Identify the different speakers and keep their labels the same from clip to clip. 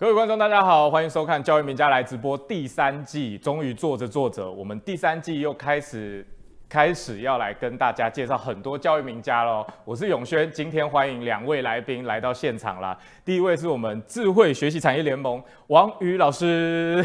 Speaker 1: 各位觀眾，大家好，歡迎收看《教育名家來直播》第三季。終於做着做着，我們第三季又開始開始要來跟大家介紹很多教育名家嘍。我是永軒，今天歡迎兩位來賓來到現場啦。第一位是我們智慧學習產業聯盟王宇老師，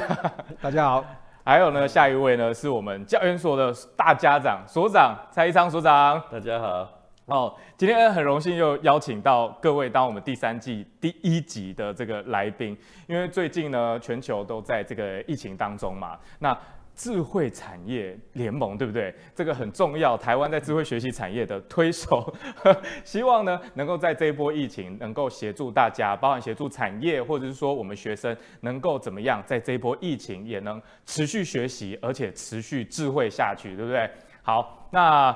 Speaker 1: 大家好。還有呢，下一位呢是我們教研所的大家長、所長蔡一昌所長，大家好。哦，今天很榮幸又邀請到各位，當我們第三季第一集的這個來賓，因為最近呢，全球都在這個疫情當中嘛。那智慧產業聯盟，對不對？這個很重要。台灣在智慧學習產業的推手，呵，希望呢，能夠在這一波疫情，能夠協助大家，包含協助產業，或者是說我們學生，能夠怎麼樣，在這一波疫情也能持續學習，而且持續智慧下去，對不對？好，那。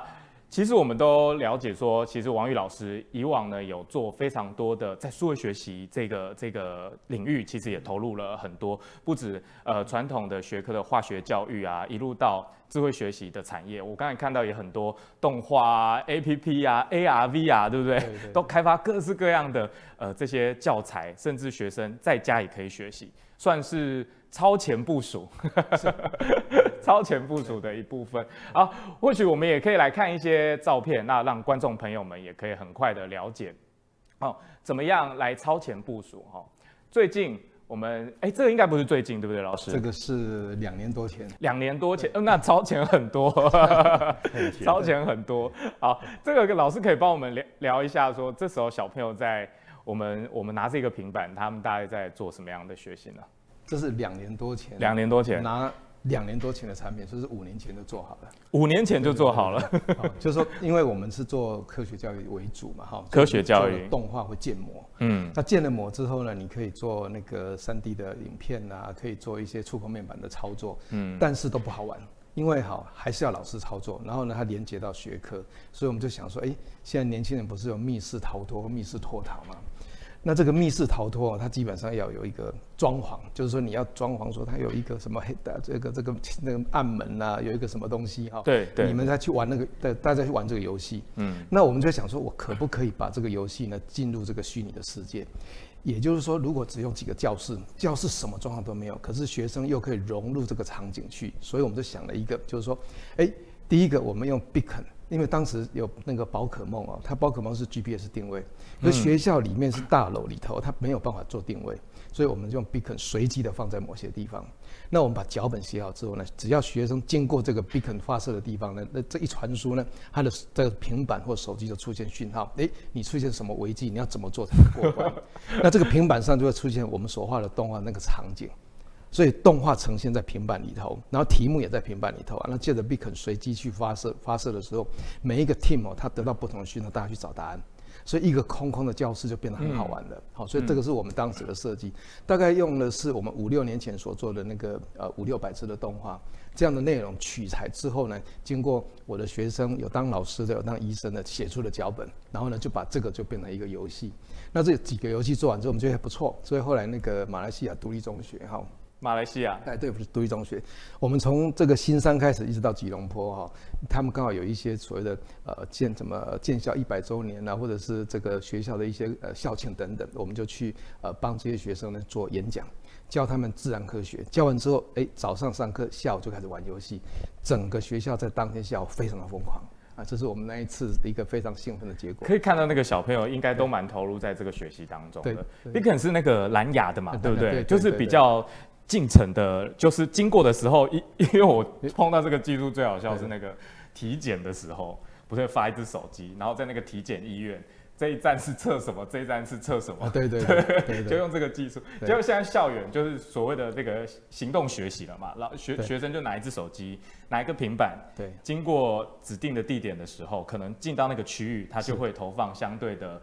Speaker 1: 其實我們都了解說，其實王宇老師以往呢，有做非常多的在數位學習這個這個領域，其實也投入了很多，不止呃，傳統的學科的化學教育啊，一路到智慧學習的產業。我剛才看到也很多動畫、A P P 啊、A R V 啊，對不對？對對對，都開發各式各樣的呃這些教材，甚至學生在家也可以學習，算是。超前部署，是超前部署的一部分。好，或許我們也可以來看一些照片，那讓觀眾朋友們也可以很快的了解哦，怎麼樣來超前部署哈、哦？最近我們哎、欸，這個應該不是最近對不對，老師？這個是兩年多前，兩年多前對、呃，那超前很多， 超前很多。好，這個老師可以幫我們聊聊一下說，說這時候小朋友在我們我們拿着一個平板，他們大概在做什麼樣的學習呢？這是兩年多前，兩年多前拿
Speaker 2: 兩年多前的產品，說、就是五年前就做好
Speaker 1: 了，五年前就做好了，就是說，因為我們
Speaker 2: 是做科學教育為主嘛，哈、哦，科學教育動畫或建模，嗯，那建了模之後呢，你可以做那個三 D 的影片啊，可以做一些觸控面板的操作，嗯，但是都不好玩，因為好、哦、還是要老師操作，然後呢，它連接到學科，所以我們就想說，哎，現在年輕人不是有密室逃脫、密室脫逃嗎？那這個密室逃脫，哦，它基本上要有一個裝潢，就是說你要裝潢，說它有一個什麼黑的這個這個那個暗門吶、啊，有一個什麼東西哈、哦。對對。你們再去玩那個，大大家去玩這個遊戲。嗯。那我們就想說，我可不可以把這個遊戲呢，進入這個虛擬的世界？也就是說，如果只用幾個教室，教室什麼裝潢都沒有，可是學生又可以融入這個場景去，所以我們就想了一個，就是說，哎，第一個我們用 Beacon 因為當時有那個寶可夢啊、哦，它寶可夢是 GPS 定位，而、嗯、學校裡面是大樓裡頭，它沒有辦法做定位，所以我們就用 Beacon 隨機的放在某些地方。那我們把腳本寫好之後呢，只要學生經過這個 Beacon 發射的地方呢，那這一傳輸呢，它的這個平板或手機就出現訊號，誒，你出現什麼危機，你要怎麼做才能過關？ 那這個平板上就會出現我們所畫的動畫那個場景。所以動畫呈現在平板裡頭，然後題目也在平板裡頭啊。那借着 Beacon 隨機去發射，發射的時候，每一個 team 哦，它得到不同的訊號，大家去找答案。所以一個空空的教室就變得很好玩了。好、嗯哦，所以這個是我們當時的設計。嗯、大概用的是我們五六年前所做的那個呃五六百字的動畫，這樣的內容取材之後呢，經過我的學生有當老師的有當醫生的寫出了腳本，然後呢就把這個就變成一個遊戲。那這幾個遊戲做完之後，我們覺得還不錯，所以後來那個馬來西亞獨立中學，哈、哦。馬來西亞哎，對，不是獨立中學，我們從這個新山開始一直到吉隆坡哈，他們剛好有一些所謂的呃建什麼建校一百周年啦、啊，或者是這個學校的一些呃校慶等等，我們就去呃幫這些學生呢做演講，教他們自然科學。教完之後，哎、欸，早上上課，下午就開始玩遊戲，整個學校在當天下午非常的瘋狂啊！這是我們那一次一個非常興奮的結果。可
Speaker 1: 以看到那個小朋友應該都蠻投入在這個學習當中的。對對你可能是那個藍牙的嘛，對不對？對對對對對就是比較。進城的，就是經過的時候，因因為我碰到這個技術最好笑是那個體檢的時候，對不是發一隻手機，然後在那個體檢醫院，這一站是測什麼，這一站是測什麼、啊，對對對，就用這個技術，結果對現在校園就是所謂的那個行動學習了嘛，老學對學生就拿一隻手機，拿一個平板，對，經過指定的地點的時候，可能進到那個區域，他就會投放相對的。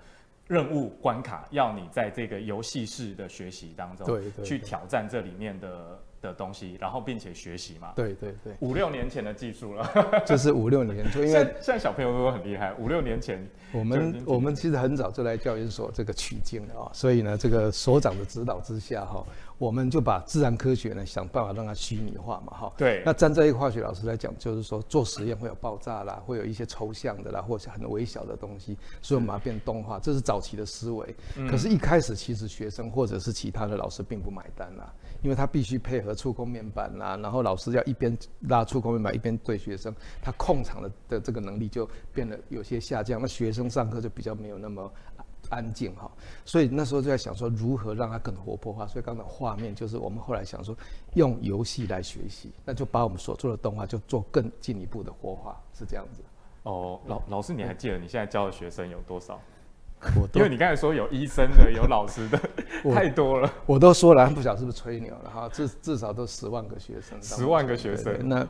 Speaker 1: 任務關卡，要你在這個遊戲式的學習當中，對，去挑戰這裡面的的東西，然後並且學習嘛。對對對，五六年前的技術了， 這是五六年前。因為現在小朋友都很厲害，五六年前。我們我們其實很早就來教育所這個取經了啊、哦，
Speaker 2: 所以呢，這個所長的指導之下哈、哦。嗯嗯我們就把自然科學呢，想辦法讓它虛擬化嘛，哈。對。那站在一個化學老師來講，就是說做實驗會有爆炸啦，會有一些抽象的啦，或者很微小的東西，所以我們要變動畫，嗯、這是早期的思維。可是，一開始其實學生或者是其他的老師並不買單啦、啊，因為他必須配合觸控面板啦、啊，然後老師要一邊拉觸控面板一邊對學生，他控場的的這個能力就變得有些下降，那學生上課就比較沒有那麼。安靜哈，所以那時候就在想說如何讓它更活潑化。所以剛才畫面就是我們後來想說用遊戲來學習，那就把我們所做的動畫就做更進一步的活化，是這樣子。哦，老
Speaker 1: 對老師，你還記得你現在教的學生有多少？我都因為你剛才說有醫生的，有老師的， 我太多了。我都說了，不曉得是不是吹牛了哈，至至少都十萬個學生，十萬個學生對對那。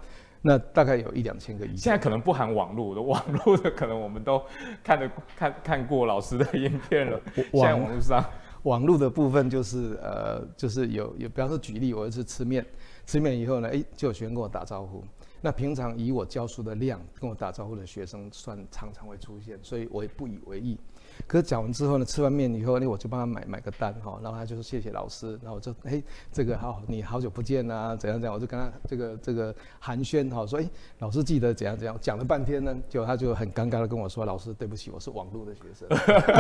Speaker 1: 那大概有一兩千個億，現在可能不含網絡的，網絡的可能我們都看着看看過老師的影片了。現在網絡上，網絡的部
Speaker 2: 分就是呃，就是有有，比方說舉例，我一次吃麵，吃面以後呢，欸，就有學生跟我打招呼。那平常以我教書的量，跟我打招呼的學生算常常會出現，所以我也不以為意。可是講完之後呢，吃完麵以後，呢，我就幫他買買個單哈、喔，然後他就說謝謝老師，然後我就嘿、欸，這個好、喔、你好久不見啊，怎樣怎樣，我就跟他這個這個寒暄哈、喔，說哎、欸、老師記得怎樣怎樣，講了半天呢，結果他就很尷尬的跟我說，老
Speaker 1: 師對不起，我是網絡的學生，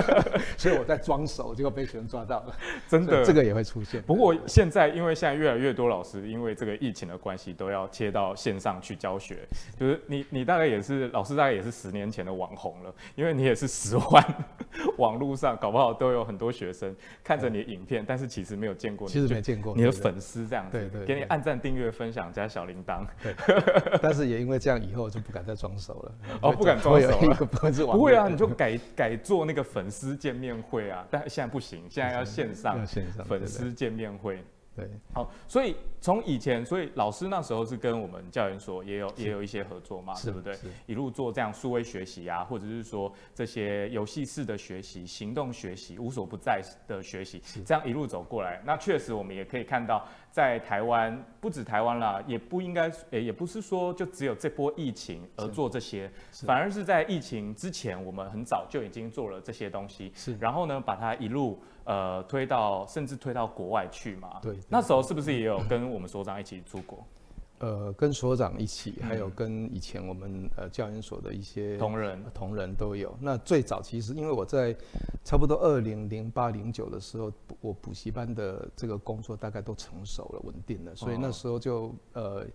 Speaker 1: 所以我在裝熟，結果被學生抓到了，
Speaker 2: 真的這個也會出現。
Speaker 1: 不過現在因為現在越來越多老師因為這個疫情的關係，都要切到線上去教學，就是你你大概也是老師大概也是十年前的網紅了，因為你也是十萬。 網絡上搞不好都有很多學生看着你的影片，嗯、但是其實沒有見過你，其實沒見過你的粉絲這樣子。對對，對對，給你按贊、訂閱、分享加小鈴鐺。但是也因為這樣，以後就不敢再裝熟了，哦， 不敢裝熟了。不敢裝熟了 不會啊，嗯、你就改 改做那個粉絲見面會啊，但現在不行，現在要線上，線上粉絲見面會。對，好，所以從以前，所以老師那時候是跟我們教研所也有是也有一些合作嘛，對不對？一路做這樣數位學習啊，或者是說這些遊戲式的學習、行動學習、無所不在的學習，是這樣一路走過來，那確實我們也可以看到。在台灣，不止台灣啦，也不應該，也、欸、也不是說就只有這波疫情而做這些，反而是在疫情之前，我們很早就已經做了這些東西，是然後呢，把它一路呃推到，甚至推到國外去嘛，對，對，對，那時候是不是也有跟我們所長一起出國？嗯
Speaker 2: 呃，跟所長一起，還有跟以前我們呃教研所的一些同仁同仁都有。那最早其實，因為我在差不多二零零八零九的時候，我補習班的這個工作大概都成熟了，穩定了，所以那時候就，哦、呃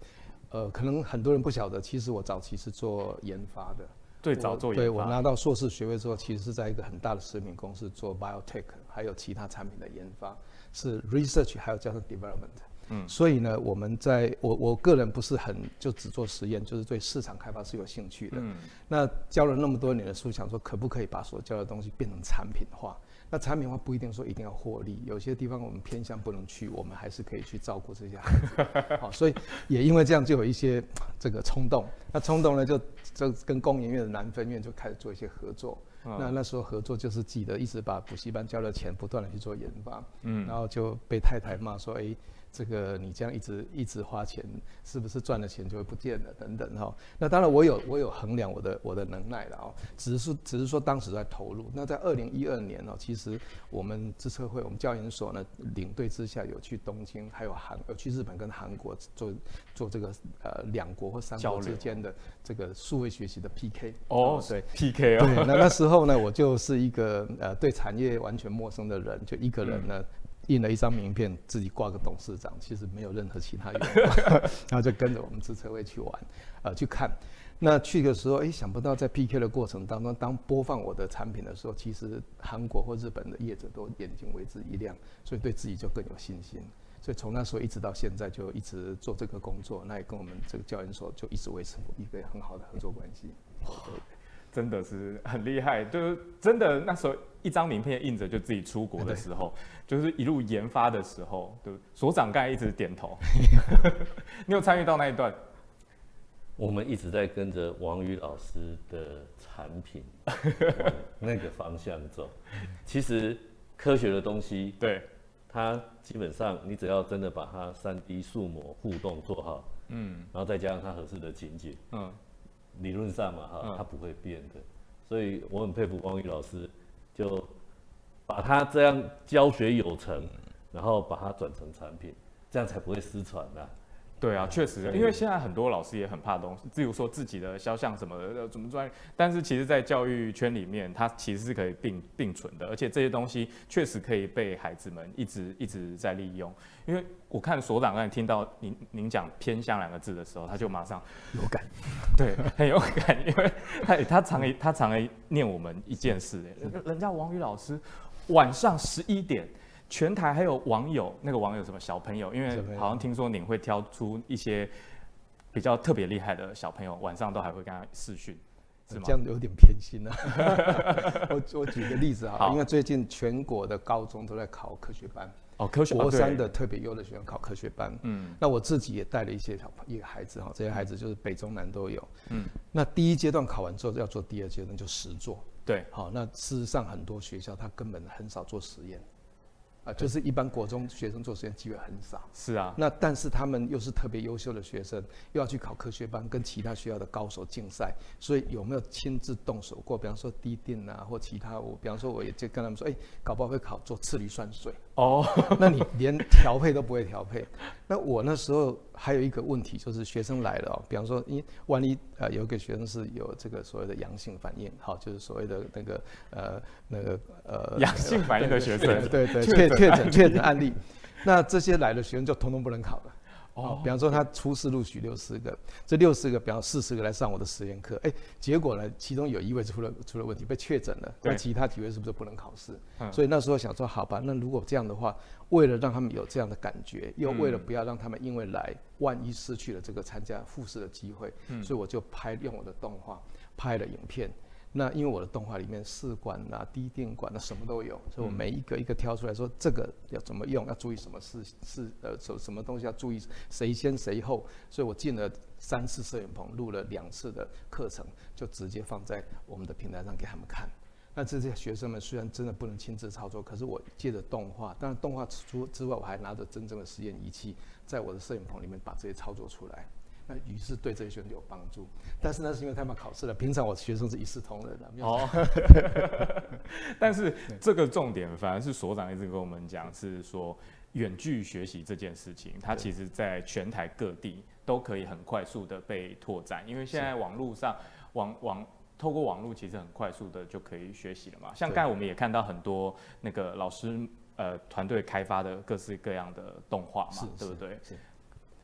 Speaker 2: 呃，可能很多人不曉得，其實我早期是做研發的。最早做研發，我，對，我拿到碩士學位之後，其實是在一個很大的食品公司做 biotech，還有其他產品的研發，是 research，還有叫做 development。嗯，所以呢，我們在我我個人不是很就只做實驗，就是對市場開發是有興趣的。嗯，那教了那麼多年的書，想說可不可以把所教的東西變成產品化？那產品化不一定說一定要獲利，有些地方我們偏向不能去，我們還是可以去照顧這些。好、 哦，所以也因為這樣就有一些這個衝動。那衝動呢，就就跟工研院的南分院就開始做一些合作。哦、那那時候合作就是記得一直把補習班交了錢不斷的去做研發。嗯，然後就被太太罵說哎。欸這個你這樣一直一直花錢，是不是賺的錢就會不見了？等等哈、哦。那當然，我有我有衡量我的我的能耐了啊、哦。只是只是說當時在投入。那在二零一二年呢、哦，其實我們資策會、我們教研所呢，領隊之下有去東京，還有韓有去日本跟韓國做做這個呃兩國或三國之間的這個數位學習的 PK 哦，哦、對 PK 哦。對，那那個時候呢，我就是一個呃對產業完全陌生的人，就一個人呢。嗯印了一張名片，自己掛個董事長，其實沒有任何其他用，然後 就跟着我們資策會去玩，呃，去看。那去的時候，哎，想不到在 PK 的過程當中，當播放我的產品的時候，其實韓國或日本的業者都眼睛為之一亮，所以對自己就更有信心。所以從那時候一直到現在，就一直做這個工作，那也跟我們
Speaker 1: 這個教研所就一直維持一個很好的合作關係。真的是很厲害，就是真的那時候一張名片印着就自己出國的時候，對就是一路研發的時候，對，所長剛才一直點頭， 你有參與到那一段？我們一直在跟着王宇老師的產品
Speaker 3: 那個方向走。 其實科學的東西，對，它基本上你只要真的把它三 D、數模、互動做好，嗯，然後再加上它合適的情節，嗯。理論上嘛，哈，它不會變的，嗯、所以我很佩服王宇老師，就把它這樣教學有成，
Speaker 1: 然後把它轉成產品，這樣才不會失傳吶、啊。對啊，確實，因為現在很多老師也很怕東西，例如說自己的肖像什麼的怎麼專業。但是其實，在教育圈裡面，它其實是可以並並存的，而且這些東西確實可以被孩子們一直一直在利用。因為我看所長剛才聽到您您講偏向兩個字的時候，他就馬上有感，對，很有感，因為他他常常 他常常念我們一件事，嗯、人家王宇老師晚上十一點。全台還有網友，那個網友什麼小朋友？因為好像聽說你會挑出一些比較特別厲害的小朋友，晚上都還會跟他視訊，這樣有點偏心了、啊。 我我舉個例子啊，好因為最近全國的高中都在考科學班
Speaker 2: 哦，國三的特別優的學校考科學班。嗯、哦，那我自己也帶了一些小一個孩子哈，這些孩子就是北中南都有。嗯，那第一階段考完之後要做第二階段就實做。對，好、哦，那事實上很多學校他根本很少做實驗。啊，就是一般國中學生做實驗機會很少，是啊對。那但是他們又是特別優秀的學生，又要去考科學班，跟其他學校的高手競賽，所以有沒有親自動手過？比方說滴定啊，或其他我，比方說我也就跟他們說，哎、欸，搞不好會考做次氯酸水。哦，oh, 那你連調配都不會調配？那我那時候還有一個問題，就是學生來了啊、哦，比方說你，你萬一呃有一個學生是有這個所謂的陽性反應，好、哦，就是所謂的那個呃那個呃陽性反應的學生，對，對對，確確診確診案例，那這些來的學生就統統不能考了。哦，oh, 比方說他初試錄取六十個，對這六十個，比方四十個來上我的實驗課，哎，結果呢，其中有一位出了出了問題，被確診了，那對其他幾位是不是不能考試？嗯、所以那時候想說，好吧，那如果這樣的話，為了讓他們有這樣的感覺，又為了不要讓他們因為來萬一失去了這個參加複試的機會，嗯、所以我就拍用我的動畫拍了影片。那因為我的動畫裡面試管啊、滴定管啊什麼都有，所以我每一個一個挑出來說，這個要怎麼用，要注意什麼事事呃什什麼東西要注意，誰先誰後，所以我進了三次攝影棚，錄了兩次的課程，就直接放在我們的平台上給他們看。那這些學生們雖然真的不能親自操作，可是我借着動畫，但是動畫之之外，我還拿着真正的實驗儀器，在我的攝影棚裡面把這些操作出來。
Speaker 1: 於是對這些學生有幫助，但是那是因為他們考試了。平常我學生是一視同仁的，啊哦。但是這個重點，反而是所長一直跟我們講，是說遠距學習這件事情，它其實在全台各地都可以很快速的被拓展，因為現在網絡上網網是透過網絡其實很快速的就可以學習了嘛。像剛才我們也看到很多那個老師、呃、團隊開發的各式各樣的動畫嘛，是對不對？是。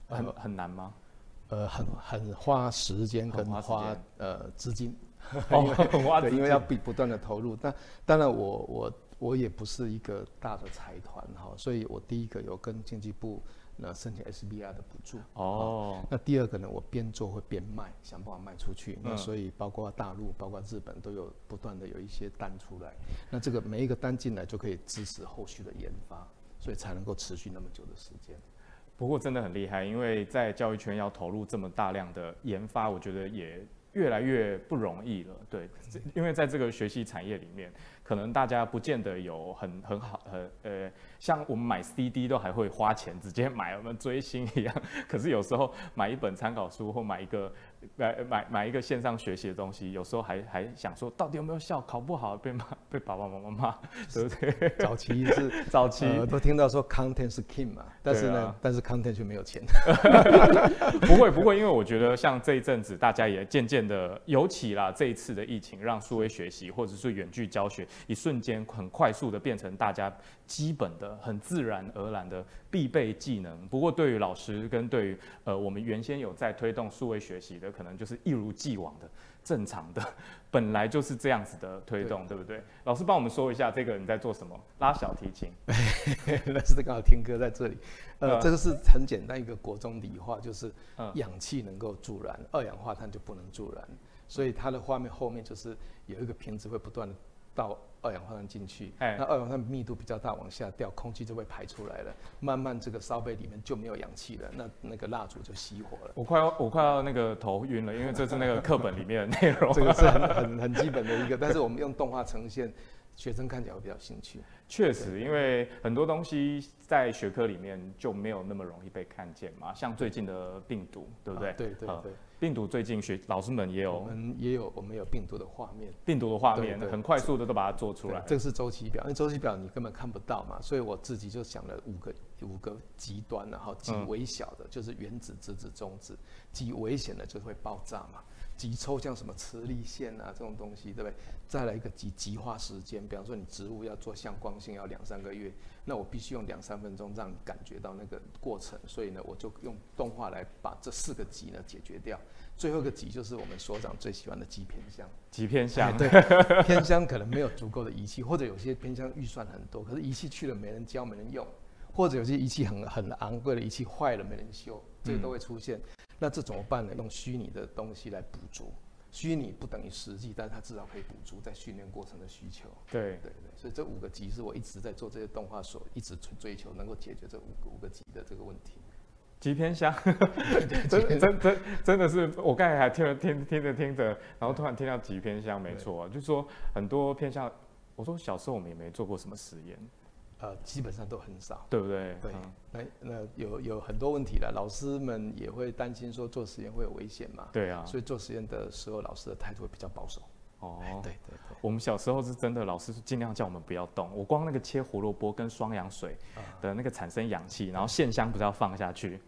Speaker 1: 很、嗯、很難嗎？
Speaker 2: 呃，很很花時間跟花，
Speaker 1: 花呃資金， 哦、花資金，對，因為要不
Speaker 2: 不斷的投入。但當然我，我我我也不是一個大的財團哈，所以我第一個有跟經濟部那申請 SBR 的補助。哦，哦。那第二個呢，我邊做會邊賣，想辦法賣出去。嗯、那所以包括大陸、包括日本都有不斷的有一些單出來。那這個每一個單進來就可以支持後續的研發，所以
Speaker 1: 才能夠持續那麼久的時間。不過真的很厲害，因為在教育圈要投入這麼大量的研發，我覺得也越來越不容易了。對，因為在這個學習產業裡面，可能大家不見得有很很好，很，很呃，像我們買 CD 都還會花錢直接買，我們追星一樣。可是有時候買一本參考書或買一個。買買買一個線上學習的東西，有時候還還想說到底有沒有效？考不好被罵，被爸爸媽媽罵，對不對？早期是早期、呃，都聽到說 content 是 king 嘛，但是呢，啊、但是 content 卻沒有錢。 不會不會，因為我覺得像這一陣子，大家也漸漸的， 尤其啦這一次的疫情，讓數位學習或者是遠距教學，一瞬間很快速的變成大家基本的、很自然而然的。必備技能。不過對於老師跟對於呃，我們原先有在推動數位學習的，可能就是一如既往的正常的，本來就是這樣子的推動，對，對不對？老師幫我們說一下，這個你在做什麼？拉小提琴。老師
Speaker 2: 剛好聽歌在這裡。呃，嗯、這個是很簡單一個國中理化，就是氧氣能夠助燃，二氧化碳就不能助燃，所以它的畫面後面就是有一個瓶子會不斷倒。二氧化碳進去，那二氧化碳密度比較大，往下掉，空氣就會排出來了。慢慢這個燒杯裡面就沒有氧氣了，那那個蠟燭就熄火了。我
Speaker 1: 快要我快要那個頭暈了，因為這是那個課本裡面的內容， 這個是很很很基本的一個，但是我
Speaker 2: 們用動畫呈現，對學生看起來會比較興趣。確實，對對對對，因
Speaker 1: 為很多東西在學科裡面就沒有那麼容易被看見嘛，像最近的病毒，對，對不對？啊、對，對對對。啊。病毒最近學老師們也有，我們也有，我們有病毒的畫面，病毒的畫面，對對對，很快速的都把它做出來。這個是
Speaker 2: 周期表，因為周期表你根本看不到嘛，所以我自己就想了五個五個極端，然後極微小的，嗯、就是原子、質子、中子；極危險的就會爆炸嘛。極抽象，什麼磁力線啊這種東西，對不對？再來一個極極花時間，比方說你植物要做向光性要兩三個月，那我必須用兩三分鐘讓你感覺到那個過程，所以呢，我就用動畫來把這四個極呢解決掉。最後一個極就是我們所長最喜歡的極偏鄉，
Speaker 1: 極偏鄉？對，
Speaker 2: 偏鄉 可能沒有足夠的儀器，或者有些偏鄉預算很多，可是儀器去了沒人教，沒人用，或者有些儀器很很昂貴的儀器壞了沒人修，嗯、這個都會出現。那這怎麼辦呢？用虛擬的東西來捕捉，虛擬不等於實際，但是它至少可以捕捉在訓練過程的需求。對，對對，所以這五個級是我一直在做這些動畫所一直追追求，能夠解決這五個五個級的這個問題。
Speaker 1: 極偏鄉，真真真真的是，我剛才還聽了聽聽着聽着，然後突然聽到極偏鄉，沒錯，對就是說很多偏鄉。我說小時候我們也沒做過什麼實驗。呃，基本上都很少，對不對？對，嗯、
Speaker 2: 那那有有很多問題了。老師們也會擔心說做實驗會有危險嘛？對啊，所以做實驗的時候，老師的態度會比較保守。
Speaker 1: 哦、哎，對對對，我們小時候是真的，老師盡量叫我們不要動。我光那個切胡蘿蔔跟雙氧水的那個產生氧氣，嗯、然後線香不是要放下去？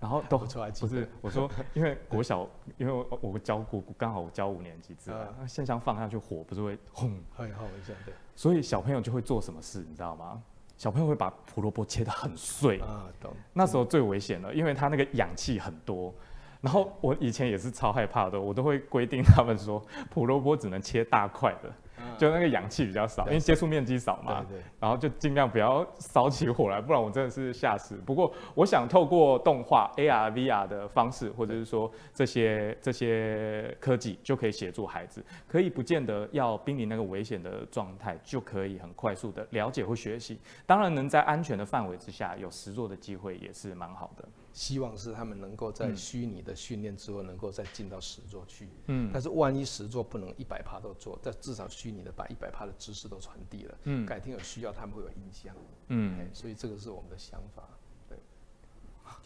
Speaker 1: 然後都出來，不是我說，因為國小， 對因為我我教過，剛好我教五年級自，自然，那線香放下去火不是會轟，很
Speaker 2: 好一的，
Speaker 1: 所以小朋友就會做什麼事，你知道嗎？小朋友會把胡蘿蔔切得很碎啊，懂？那時候最危險了，因為他那個氧氣很多，然後我以前也是超害怕的，我都會規定他們說，胡蘿蔔只能切大塊的。就那個氧氣比較少，較少，因為接觸面積少嘛，對對對，然後就盡量不要燒起火來，不然我真的是嚇死。不過我想透過動畫、AR、VR 的方式，或者是說這些這些科技，就可以協助孩子，可以不見得要瀕臨那個危險的狀態，就可以很快速的了解或學習。當然能在安全的範圍之下有實作的機會也是蠻好的。
Speaker 2: 希望是他們能夠在虛擬的訓練之後能，能夠再進到實作去。嗯，但是萬一實作不能一百趴都做，但至少虛擬的把一百趴的知識都傳遞了。嗯，改天有需要他們會有印象。嗯，所以這個是我們的想法。對，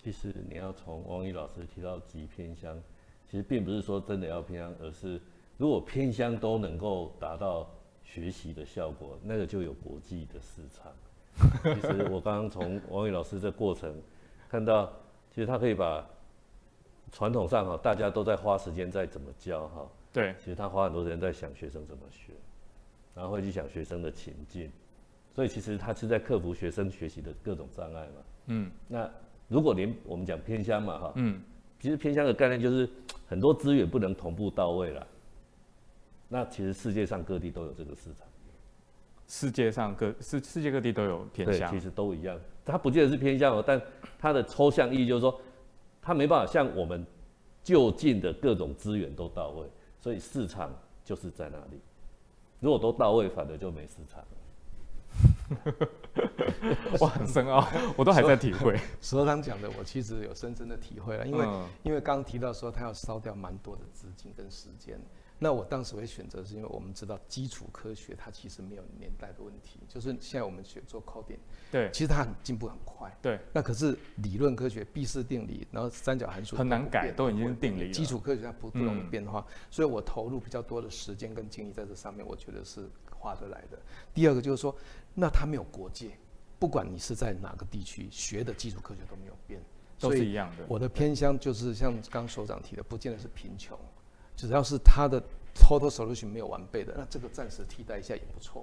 Speaker 3: 其實你要從王宇老師提到極偏鄉，其實並不是說真的要偏鄉，而是如果偏鄉都能夠達到學習的效果，那個就有國際的市場。 其實我剛剛從王宇老師這過程看到，其實他可以把傳統上哈、哦，大家都在花時間在怎麼教哈、哦，對，其實他花很多時間在想學生怎麼學，然後會去想學生的情境，所以其實他是在克服學生學習的各種障礙嘛。嗯，那如果連我們講偏鄉嘛哈、哦，嗯，其實偏鄉的概念就是很多資源不能同步到位了，那其實世界上各地都有這個市場，
Speaker 1: 世界上各
Speaker 3: 世世界各地都有偏鄉，對，其實都一樣。他不見得是偏向我，但它的抽象意義就是說，它沒辦法像我們就近的各種資源都到位，所以市場就是在那裡。
Speaker 2: 如果都到位，反而就沒市場了。我很深奧，我都還在體會。所以剛講的，我其實有深深的體會了，因為、嗯、因為剛提到說，他要燒掉蠻多的資金跟時間。那我當時會選擇，是因為我們知道基礎科學它其實沒有年代的問題，就是現在我們學做 coding，對，其實它很進步很快。對。那可是理論科學，畢氏定理，然後三角函數很難改，都已經定理了。基礎科學它不不容易變化，嗯、所以我投入比較多的時間跟精力在這上面，我覺得是划得來的。第二個就是說，那它沒有國界，不管你是在哪個地區學的基礎科學都沒有變，
Speaker 1: 都是一樣的。我的
Speaker 2: 偏鄉就是像剛剛首長提的，不見得是貧窮。只要是他的 total solution 手續沒有完備的，那這個暫時替代一下也不錯。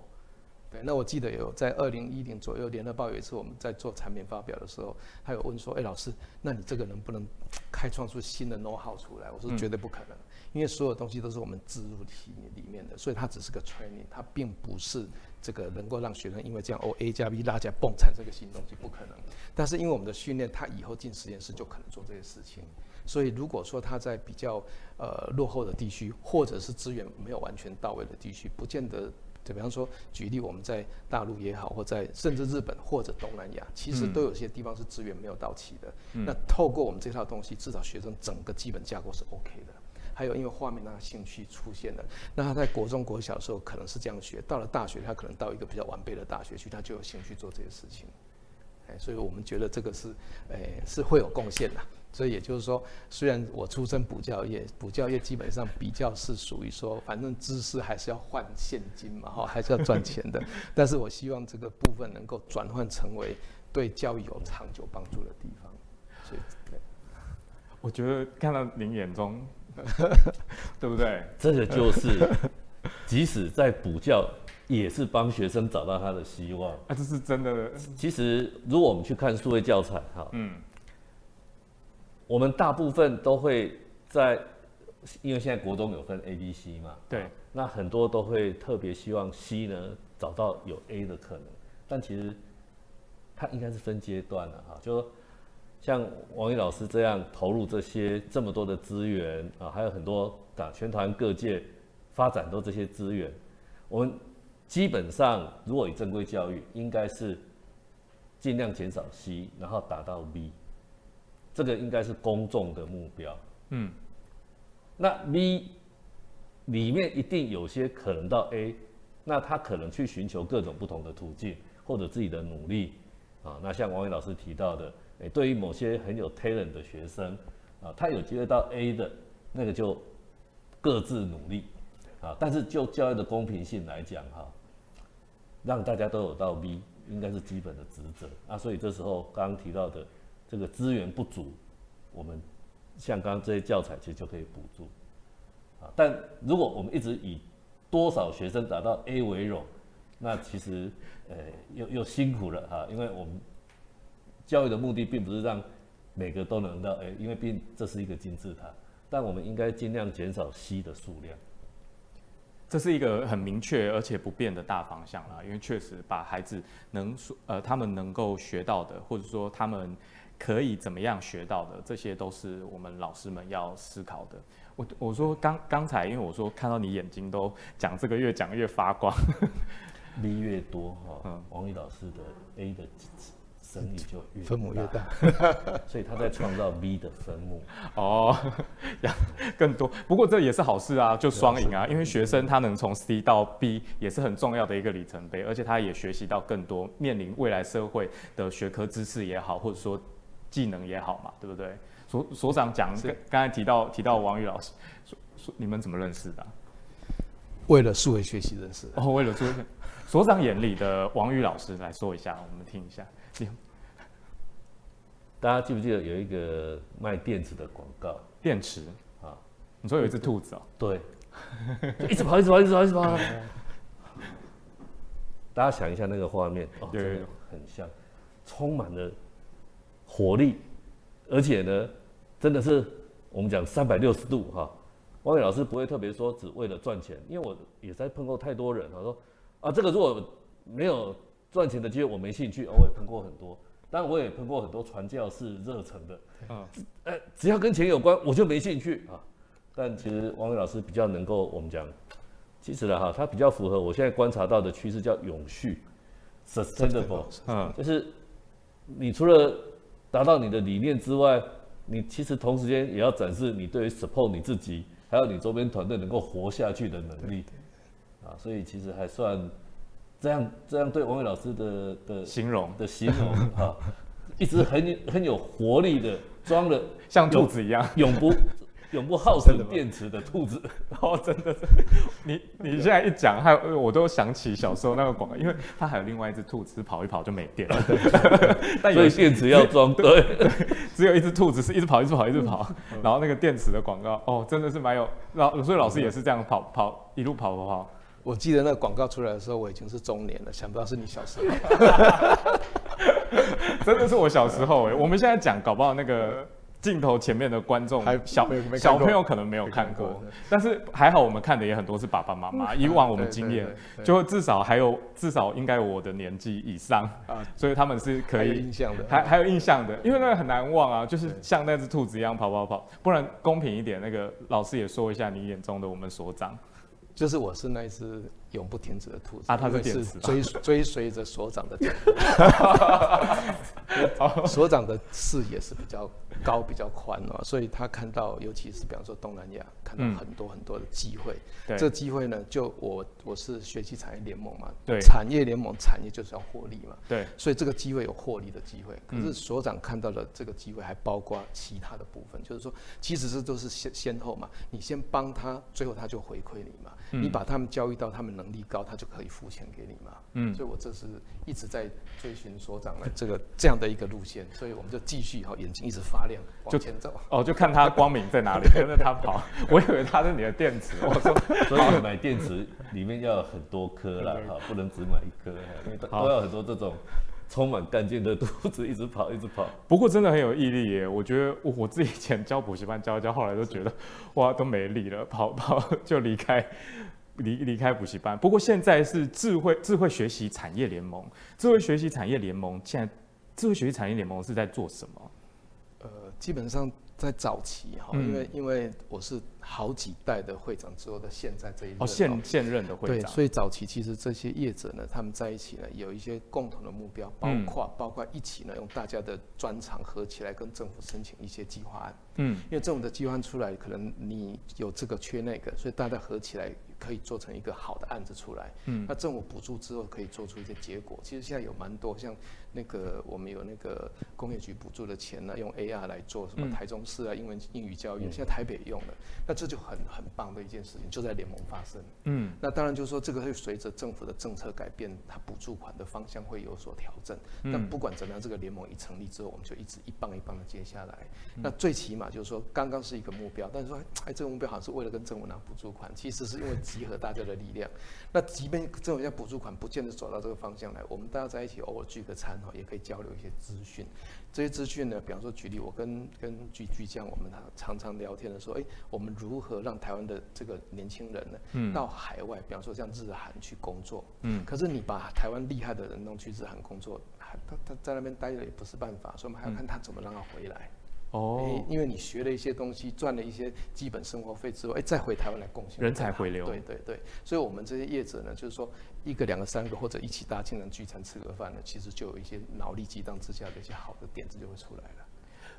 Speaker 2: 對，那我記得有在二零一零左右聯合報有一次我們在做產品發表的時候，他有問說：“哎、欸，老師，那你這個能不能開創出新的 know how 出來？”我說：“絕對不可能，嗯、因為所有東西都是我們自入體裡面的，所以它只是個 training，它並不是這個能夠讓學生因為這樣 O A 加 V 拉加蹦成這個新東西，不可能，但是因為我們的訓練，他以後進實驗室就可能做這些事情。”所以，如果說他在比較呃落後的地區，或者是資源沒有完全到位的地區，不見得，就比方說舉例，我們在大陸也好，或在甚至日本或者東南亞，其實都有些地方是資源沒有到齊的。那透過我們這套東西，至少學生整個基本架構是 OK 的。還有，因為畫面讓他興趣出現了，那他在國中國小的時候可能是這樣學，到了大學，他可能到一個比較完備的大學去，他就有興趣做這些事情。哎，所以我們覺得這個是哎、呃、是會有貢獻的。所以也就是說，雖然我出身補教業，補教業基本上比較是屬於說，反正知識還是要換現金嘛，哈，還是要賺錢的。 但是我希望這個部分能夠轉換成為對教育有長久幫助的地方。所以、這個，
Speaker 1: 我覺得看到您眼中， 對不對？這個就是，即使
Speaker 3: 在補教，也是幫學生找到他的希望。啊。這是真的。其實，如果我們去看數位教材，哈，嗯。我們大部分都會在，因為現在國中有分 A、B、C 嘛，對，那很多都會特別希望 C 呢找到有 A 的可能，但其實它應該是分階段的、啊、哈、啊，就像王宇老師這樣投入這些這麼多的資源啊，還有很多啊全團各界發展都這些資源，我們基本上如果以正規教育，應該是盡量減少 C，然後達到 B。這個應該是公眾的目標，嗯，那 B 裡面一定有些可能到 A，那他可能去尋求各種不同的途徑或者自己的努力，啊，那像王宇老師提到的誒，對於某些很有 talent 的學生，啊，他有機會到 A 的那個就各自努力，啊，但是就教育的公平性來講哈、啊，讓大家都有到 B 應該是基本的職責啊，所以這時候剛剛提到的。這個資源不足，我們像剛剛這些教材其實就可以補助，啊，但如果我們一直以多少學生達到 A 為榮，那其實呃又又辛苦了哈，啊，因為我們教育的目的並不是讓每個都能到 A，因為畢竟這是一個金字
Speaker 1: 塔，但我們應該盡量減少 C 的數量，這是一個很明確而且不變的大方向啊，因為確實把孩子能說呃他們能夠學到的，或者說他們可以怎麼樣學到的？這些都是我們老師們要思考的。我我說剛剛才，因為我說看到你眼睛都講這個越講越發光，b 越多哈，哦嗯、王宇老師的 a 的
Speaker 3: 生意就越分母越大， 所以他在創造 b 的分母
Speaker 1: 哦，oh, 更多。不過這也是好事啊，就雙贏啊，因為學生他能從 c 到 b 也是很重要的一個里程碑，而且他也學習到更多面臨未來社會的學科知識也好，或者說。技能也好嘛，對不對？所所長講是剛，剛才提到提到王宇老師，說說你們怎麼認識的、啊為哦？為了數位學學習認識哦。為了數位，所長眼裡的王宇老師來說一下，我們聽一下。大家記不記得有一個賣電池的廣告？
Speaker 3: 電池啊，你說有一只兔子哦，嗯、對，就一直跑， 一直跑，一直跑，一直跑，一直跑。大家想一下那個畫面，對、哦，很像，對充滿了。活力，而且呢，真的是我們講三百六十度哈、哦。王宇老師不會特別說只為了賺錢，因為我也在碰過太多人。他說：“啊，這個如果沒有賺錢的機會，我沒興趣。”我也碰過很多，但我也碰過很多傳教士熱忱的啊。呃、哎，只要跟錢有關，我就沒興趣啊、哦。但其實王宇老師比較能夠我們講，其實了哈、啊，他比較符合我現在觀察到的趨勢，叫永續 （sustainable）。嗯、啊，就是你除了達到你的理念之外，你其實同時間也要展示你對於 support 你自己，還有你周邊團隊能夠活下去的能力，對對啊，所以其實還算這樣這樣對王宇老師的的形，容的形容的形容啊， 一直很很有活力的裝，裝的像兔子一樣，永不。 永不耗損電池的兔子，哦，真的是
Speaker 1: 你！你現在一講，還有我都想起小時候那個廣告，因為它還有另外一只兔子跑一跑就沒電了。所以電池要裝對，只有一只兔子是一直跑，一直跑，一直跑，然後那個電池的廣告哦，真的是蠻有然後，所以老師也是這樣跑跑，一路跑跑。我記得那個廣告出來的時候，我已經是中年了，想不到是你小時候，真的是我小時候。我們現在講搞不好那個。鏡頭前面的觀眾，小小朋友可能沒有看過，但是還好我們看的也很多是爸爸媽媽。以往我們經驗，就會至少還有至少應該我的年紀以上，所以他們是可以印象的，還還有印象的，因為那個很難忘啊，就是像那隻兔子一樣跑跑跑。不然公平一點，那個老師也說一下你眼中的我們所長，就是我是那隻
Speaker 2: 永不停止的兔子啊，他是追追隨着所長的，所長的視野是比較高比較寬了，所以他看到，尤其是比方說東南亞，看到很多很多的機會。嗯、對，這機會呢，就我我是學習產業聯盟嘛，對，產業聯盟產業就是要獲利嘛，對，所以這個機會有獲利的機會。可是所長看到的這個機會還包括其他的部分，嗯、就是說，其實是都是先先後嘛，你先幫他，最後他就回饋你嘛，嗯、你把他們教育到他們能力高，他就可以付錢給你嘛。嗯，所以我這是一直在追尋所長的這個
Speaker 1: 這樣的一個路線，所以我們就繼續後、哦，眼睛一直發。就往前走哦，就看他光明在哪裡，跟着 他跑。我以為他是你的電池， 我說所以 買電池裡面要
Speaker 3: 很多顆啊，不能只買一顆，因為都有好很多這種充滿乾勁的兔子，一直跑，一直跑。
Speaker 1: 不過真的很有毅力耶，我覺得我我自己以前教補習班教一教，後來都覺得是哇都沒力了，跑跑就離開離離開補習班。不過現在是智慧智慧學習產業聯盟，智慧學習產業聯盟現在智慧學習產業聯盟是在做什麼？
Speaker 2: 基本上在早期哈、哦，嗯、因為因為我是好幾代的會長之後的現在這一個哦現現任的會長，對，所以早期其實這些業者呢，他們在一起呢，有一些共同的目標，包括、嗯、包括一起呢，用大家的專長合起來跟政府申請一些計劃案。嗯，因為政府的計劃案出來，可能你有這個缺那個，所以大家合起來可以做成一個好的案子出來。嗯，那政府補助之後可以做出一些結果。其實現在有蠻多像。那個我們有那個工業局補助的錢呢、啊，用 AR 來做什麼台中市啊、嗯、英文英語教育，嗯、現在台北也用了，那這就很很棒的一件事情，就在聯盟發生。嗯，那當然就是說，這個會隨着政府的政策改變，它補助款的方向會有所調整。嗯，但不管怎麼樣，這個聯盟一成立之後，我們就一直一棒一棒的接下來。嗯、那最起碼就是說，剛剛是一個目標，但是說哎這個目標好像是為了跟政府拿補助款，其實是因為集合大家的力量。 那即便政府要補助款，不見得走到這個方向來，我們大家在一起偶爾、哦、聚個餐，也可以交流一些資訊，這些資訊呢，比方說舉例，我跟跟居居醬我們他常常聊天的時候，哎、欸，我們如何讓台灣的這個年輕人呢，到海外，嗯、比方說像日韓去工作，嗯，可是你把台灣厲害的人弄去日韓工作，他他在那邊待着也不是辦法，所以我們還要看他怎麼讓他回來。嗯
Speaker 1: 哦、oh, 欸，因為
Speaker 2: 你學了一些東西，賺了一些基本生活費之後，誒、欸，再回台灣來貢獻，人才回流。對對對，所以我們這些業者呢，就是說一個、兩個、三個，或者一起大家人聚餐吃個飯呢，其實就有一些腦力激盪之下的一些好的點子就會出來了。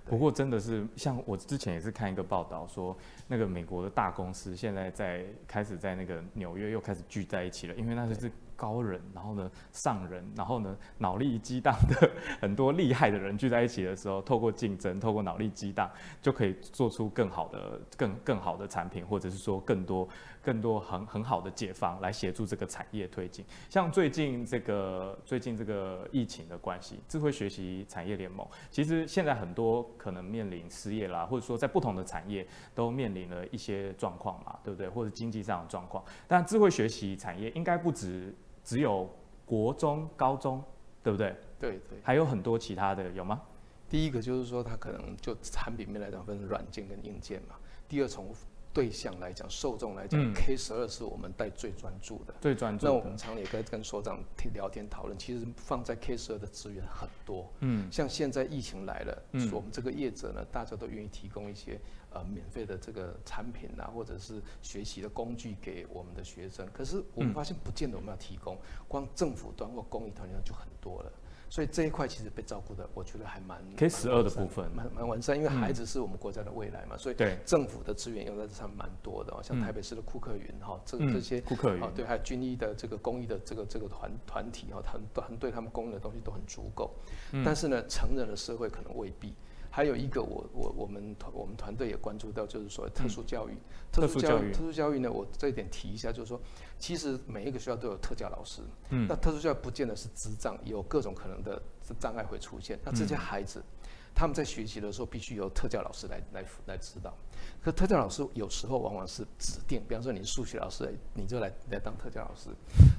Speaker 1: 不過真的是，像我之前也是看一個報道說，那個美國的大公司現在在開始在那個紐約又開始聚在一起了，因為那就是。高人，然後呢，上人，然後呢，腦力激盪的很多厲害的人聚在一起的時候，透過競爭，透過腦力激盪，就可以做出更好的、更更好的產品，或者是說更多、更多很很好的解方來協助這個產業推進。像最近這個最近這個疫情的關係，智慧學習產業聯盟，其實現在很多可能面臨失業啦，或者說在不同的產業都面臨了一些狀況嘛，對不對？或者經濟上的狀況，但智慧學習產業應該不止。只有國中、高中，對不對？對對，還有很多其他的，有嗎？第一個就是說，它可能就產品面來講，分成軟件跟硬件嘛。
Speaker 2: 第二，從對象來講，受眾來講，嗯，K 十二是我們帶最專注的，最專注。那我們常常也可以跟所長聊天討論，其實放在 K 十二的資源很多。嗯，像現在疫情來了，嗯，我們這個業者呢，大家都願意提供一些。免費的這個產品啊，或者是學習的工具給我們的學生，可是我們發現不見得我們要提供，嗯、光政府端或公益團體就很多了，所以這一塊其實被照顧的，我覺得還蠻 K 十二的部分蠻蠻完善，因為孩子是我們國家的未來嘛，嗯、所以對政府的資源用在這上蠻多的哦，像台北市的酷課雲哈，這這些酷課雲、喔、對，還有均一的這個公益的這個這個團團體哈、喔，他們,對他們供的東西都很足夠，嗯、但是呢，成人的社會可能未必。還有一個我，我我我們團我們團隊也關注到，就是所謂特殊教育，嗯、特殊教，特殊教育，特殊教育呢，我這一點提一下，就是說，其實每一個學校都有特教老師，嗯，那特殊教育不見得是智障，有各種可能的障礙會出現，那這些孩子。嗯他們在學習的時候，必須由特教老師來來來指導。可特教老師有時候往往是指定，比方說你是數學老師，你就來你就來，來當特教老師。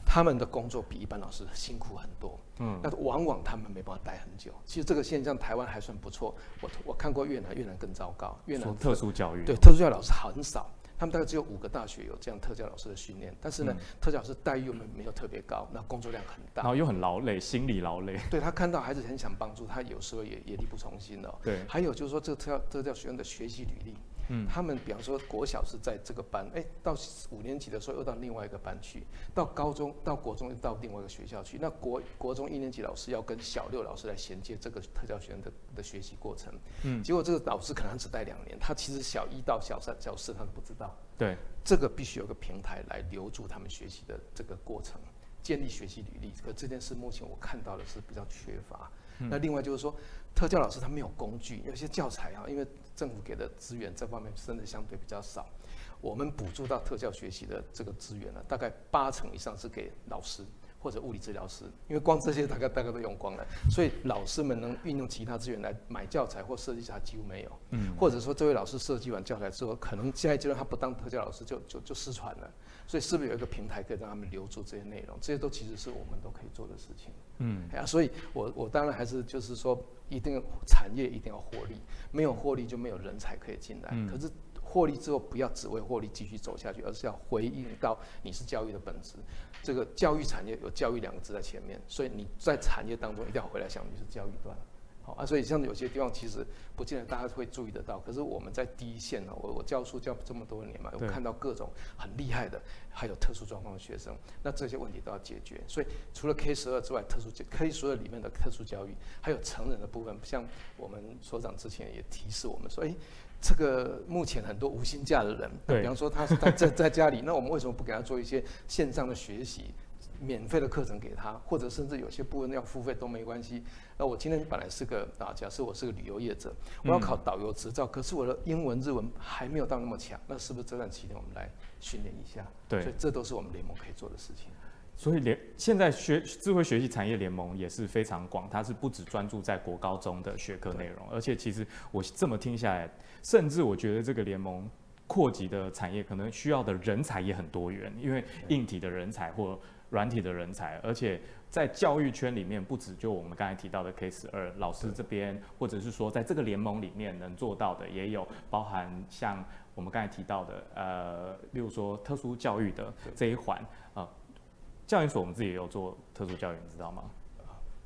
Speaker 2: 他們的工作比一般老師辛苦很多，嗯，但往往他們沒辦法待很久。其實這個現象台灣還算不錯，我我看過越南，越南更糟糕。越南特殊
Speaker 1: 教育對特殊教育老師
Speaker 2: 很少。他們大概只有五個大學有這樣特教老師的訓練，但是呢，嗯、特教老師待遇又沒沒有特別高，那、嗯、工作量很大，然
Speaker 1: 後又很勞累，心理勞累。對，
Speaker 2: 他看到孩子很想幫助他，有時候也也力不從心了。對，還有就是說這特教特教學院的學習履歷。他們比方說國小是在這個班，欸，到五年級的時候又到另外一個班去，到高中到國中又到另外一個學校去。那國國中一年級老師要跟小六老師來銜接這個特教學生的的學習過程，嗯，結果這個老師可能只帶兩年，他其實小一到小三、小四他都不知道。對，這個必須有個平台來留住他們學習的這個過程，建立學習履歷。可這件事目前我看到的是比較缺乏。嗯，那另外就是說。特教老師他沒有工具，有些教材啊，因為政府給的資源這方面真的相對比較少。我們補助到特教學習的這個資源呢、啊，大概八成以上是給老師。或者物理治療師，因為光這些大概大概都用光了，所以老師們能運用其他資源來買教材或設計，他幾乎沒有。嗯，或者說這位老師設計完教材之後，可能下一階段他不當特教老師就就就失傳了。所以是不是有一個平台可以讓他們留住這些內容？這些都其實是我們都可以做的事情。嗯，哎呀，所以我，我我當然還是就是說，一定產業一定要獲利，沒有獲利就沒有人才可以進來。嗯、可是。獲利之後，不要只為獲利繼續走下去，而是要回應到你是教育的本質。這個教育產業有“教育”兩個字在前面，所以你在產業當中一定要回來想你是教育端。好啊，所以像有些地方其實不見得大家會注意得到，可是我們在第一線呢，我我教書教這麼多年嘛，我看到各種很厲害的，還有特殊狀況的學生，那這些問題都要解決。所以除了 K 十二之外，特殊 K 十二裡面的特殊教育，還有成人的部分，像我們所長之前也提示我們說，誒。這個目前很多無薪假的人，比方說他是在在在家裡，那我們為什麼不給他做一些線上的學習，免費的課程給他，或者甚至有些部分要付費都沒關係。那我今天本來是個啊，假設我是個旅遊業者，我要考導遊執照，可是我的英文、日文還沒有到那麼強，那是不是這段期間我們來訓練一下？對，所以這都是我們聯盟可以做的事情。
Speaker 1: 所以聯現在學智慧學習產業聯盟也是非常廣，它是不只專注在國高中的學科內容，對而且其實我這麼聽下來，甚至我覺得這個聯盟擴及的產業可能需要的人才也很多元，因為硬體的人才或軟體的人才，而且在教育圈裡面不只就我們剛才提到的 K 十二，老師這邊對或者是說在這個聯盟裡面能做到的也有，包含像我們剛才提到的，呃，例如說特殊教育的這一環。教育所，我們自己也有做特殊教育，你知道嗎？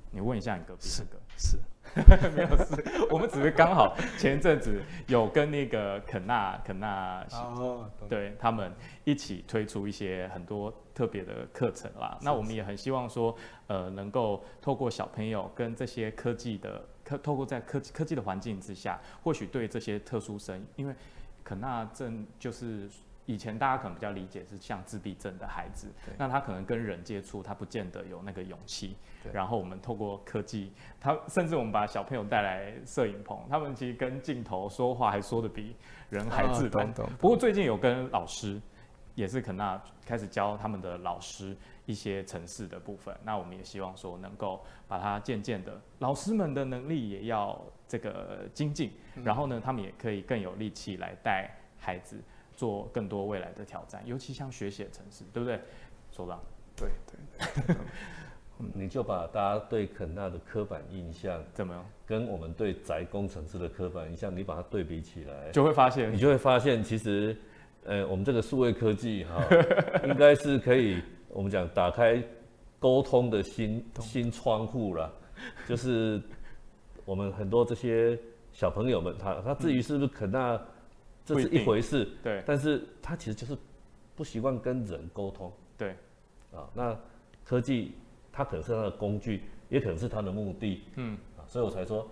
Speaker 1: 你問一下你隔壁的。，個是，是 沒有事，我們只是剛好前陣子有跟那個肯納、肯納哦，Oh, right. 對他們一起推出一些很多特別的課程啦。Oh, right. 那我們也很希望說，呃，能夠透過小朋友跟這些科技的科，透過在科技科技的環境之下，或許對這些特殊生，因為肯納症就是。以前大家可能比較理解是像自閉症的孩子，對那他可能跟人接觸，他不見得有那個勇氣。對然後我們透過科技，他甚至我們把小朋友帶來攝影棚，他們其實跟鏡頭說話還說得比人還自動。啊、不過最近有跟老師，也是肯納開始教他們的老師一些程式的部分。那我們也希望說能夠把他漸漸的，老師們的能力也要這個精進，嗯、然後呢，他們也可以更有力氣來帶孩子。做更多未來的挑戰，尤其像學習城市，對不對？會長，對對，對 你就把大家對肯納的刻板印象，怎麼
Speaker 3: 樣？跟我們對宅工程師的刻板印象，你把它對比起來，就會發現，你就會發現，其實，呃，我們這個數位科技哈，哦、 應該是可以，我們講打開溝通的新新窗戶了，就是我們很多這些小朋友們，他他至於是不是肯納？這是一回事，對，但是他其實就是不習慣跟人溝通，對，啊，那科技它可能是他的工具，也可能是他的目的，嗯、啊，所以我才說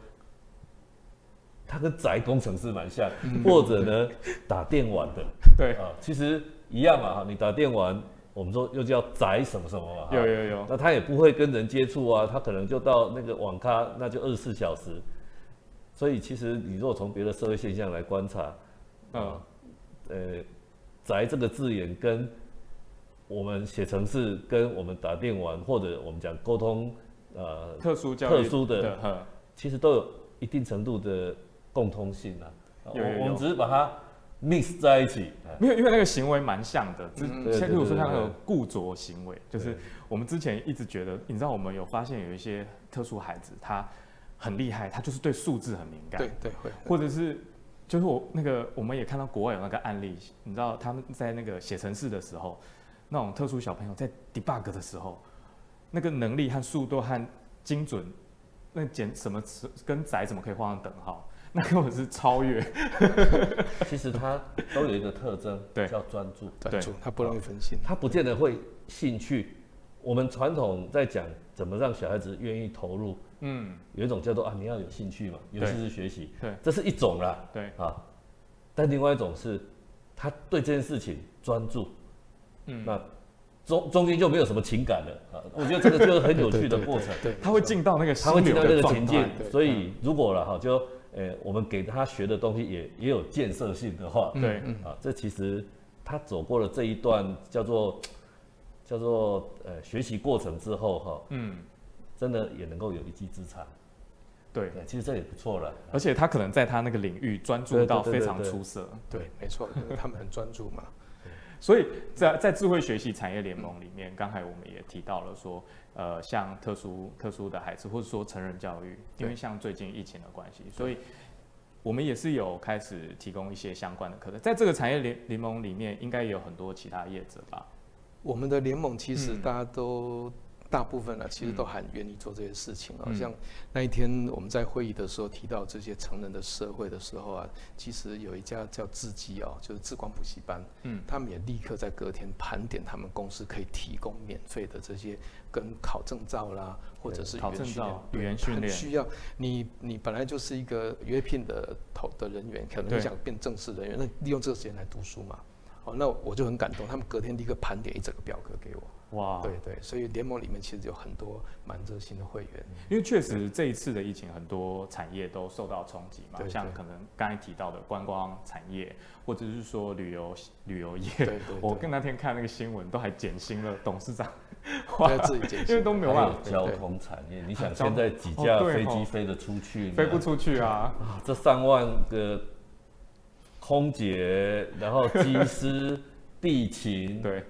Speaker 3: 他跟宅工程師蠻像，嗯、或者呢、嗯、打電玩的，對啊，其實一樣啊，你打電玩，我們說又叫宅什麼什麼嘛，哈有有有，那他也不會跟人接觸啊，他可能就到那個網咖，那就二十四小時，所以其實你若從別的社會現象來觀察。嗯，呃，宅這個字眼跟我們寫程式、跟我們打電玩或者我們講溝通，呃，特殊教育特殊的，其實都有一定程度的共通性吶、啊。我我們只是把它 mix
Speaker 1: 在一起，有有啊、沒有，因為那個行為蠻像的。就、嗯、是先比如說像那個固着行為，對對對對，就是我們之前一直覺得，你知道，我們有發現有一些特殊孩子，他很厲害，他就是對數字很敏感，對對會，或者是。就是我那個，我們也看到國外有那個案例，你知道他們在那個寫程式的時候，那種特殊小朋友在 debug 的時候，那個能力和速度和精準，那簡什麼詞，跟宅怎麼可以畫上等號？那根、個、本是超越。其實他
Speaker 3: 都有一個特徵， 對叫專注。專注對，對他不容易分心。他不見得會興趣。我們傳統在講怎麼讓小孩子願意投入。嗯，有一種叫做啊，你要有興趣嘛，尤其是學習，對，對這是一種啦，對啊，但另外一種是，他對這件事情專注，嗯，那中中間就沒有什麼情感了啊，我覺得這個就是很有趣的過程， 對，對，對，對，他會進到那個，他會進到那個情境，對所以如果了哈、啊，就呃，我們給他學的東西也也有建設性的話，對、嗯，嗯、啊，這其實他走過了這一段叫做叫做呃
Speaker 1: 學習過程之後哈，啊、嗯。
Speaker 3: 真的也能夠有一技之長，對，對
Speaker 1: 其實這也不錯了。而且他可能在他那個領域專注到非常出色，對，沒錯，他們很專注嘛。所以在在智慧學習產業聯盟裡面，剛、嗯、才我們也提到了說，呃，像特殊特殊的孩子，或者說成人教育，因為像最近疫情的關係，對所以我們也是有開始提供一些相關的課程。在這個產業聯聯盟裡面，應該也有很多其他業者吧？我們的聯盟其實大家
Speaker 2: 都、嗯。大部分呢、啊，其實都很願意做這些事情、哦。嗯、像
Speaker 1: 那一天我們在
Speaker 2: 會議的時候提到這些成人的社會的時候啊，其實有一家叫智基哦，就是智光補習班，嗯，他們也立刻在隔天盤點他們公司可以提供免費的這些跟考證照啦，或者是語言訓練，言很需要。你你本來就是一個約聘的投的人員，可能你想變正式人員，對那利用這個時間來讀書嘛。好，那我就很感動，他們隔天立刻盤點一整個表格給我。哇，對對，所以聯盟裡面其實有很多蠻熱心的會員，
Speaker 1: 因為確實這一次的疫情，很多產業都受到衝擊嘛，像可能剛才提到的觀光產業，或者是說旅遊旅遊業，我跟那天看那個新聞都還減薪了，董事長，自己減薪，因為都沒有辦法。還有交通產業，你想現在幾架飛機飛得出去？飛不出去啊！
Speaker 3: 這三萬個空姐，
Speaker 1: 然後機師、地勤，對。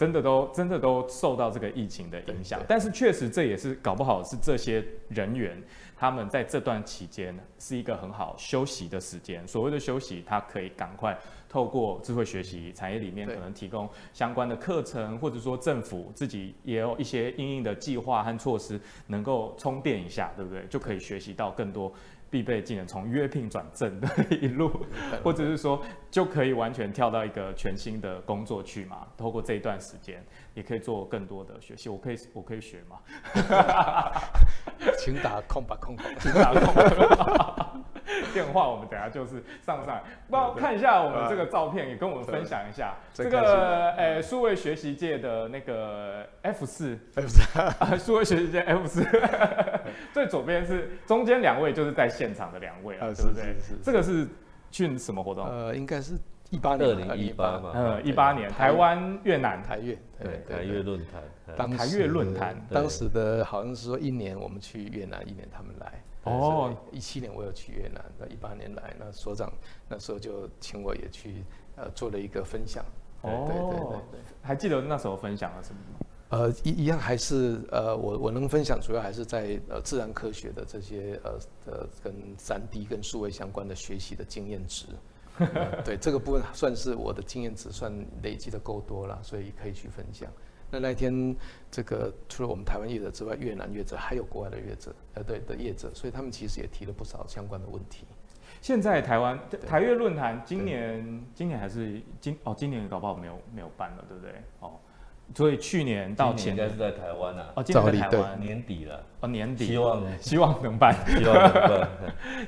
Speaker 1: 真的都真的都受到這個疫情的影響，但是確實這也是搞不好是這些人員他們在這段期間是一個很好休息的時間。所謂的休息，他可以趕快透過智慧學習產業裡面可能提供相關的課程，對或者說政府自己也有一些因應的計劃和措施，能夠充電一下，對不對？就可以學習到更多。必備技能，從約聘轉正的一路，對對對對，或者是說就可以完全跳到一個全新的工作去嘛？透過這一段時間，也可以做更多的學習，我可以我可以學嗎？對 請打空吧，空吧，請打空。 電話我們等下就是上上，幫我看一下我們這個照片，也跟我們分享一下這個呃、欸、數位學習界的那個 F 四 F 四啊，數位學習界 F 四，最左邊是中間兩位就是在現場的兩位啊，對不對？這個是去什麼活動？呃，應該是一八年二零一八吧，呃，一八年台灣越南台越對，對,對,對，台越論壇當台越論壇當當時
Speaker 2: 的好像是說一年我們去越南，一年他們來。哦，一七年我有去越南，那一八年來，那所長那時候就請我也去呃做了一個分享。對哦，對對對，對對對，還記得那時候分享了什麼嗎？呃，一一樣還是呃，我我能分享主要還是在呃自然科學的這些呃呃跟 3D 跟數位相關的學習的經驗值、 嗯。對，這個部分算是我的經驗值算累積的夠多了，所以可以去分享。那那天，這個除了我們台灣業者之外，越南業者還有國外的業者，呃，對的業者，所以他們其實也提了不少相關的問題。
Speaker 1: 現在台灣對台越論壇今年，對今年還是今哦，今年搞不好沒有沒有辦了，對不對？哦，所以去年到今年應該是在台灣啊，哦，今年在台灣年底了，哦，年底，希望希望能辦，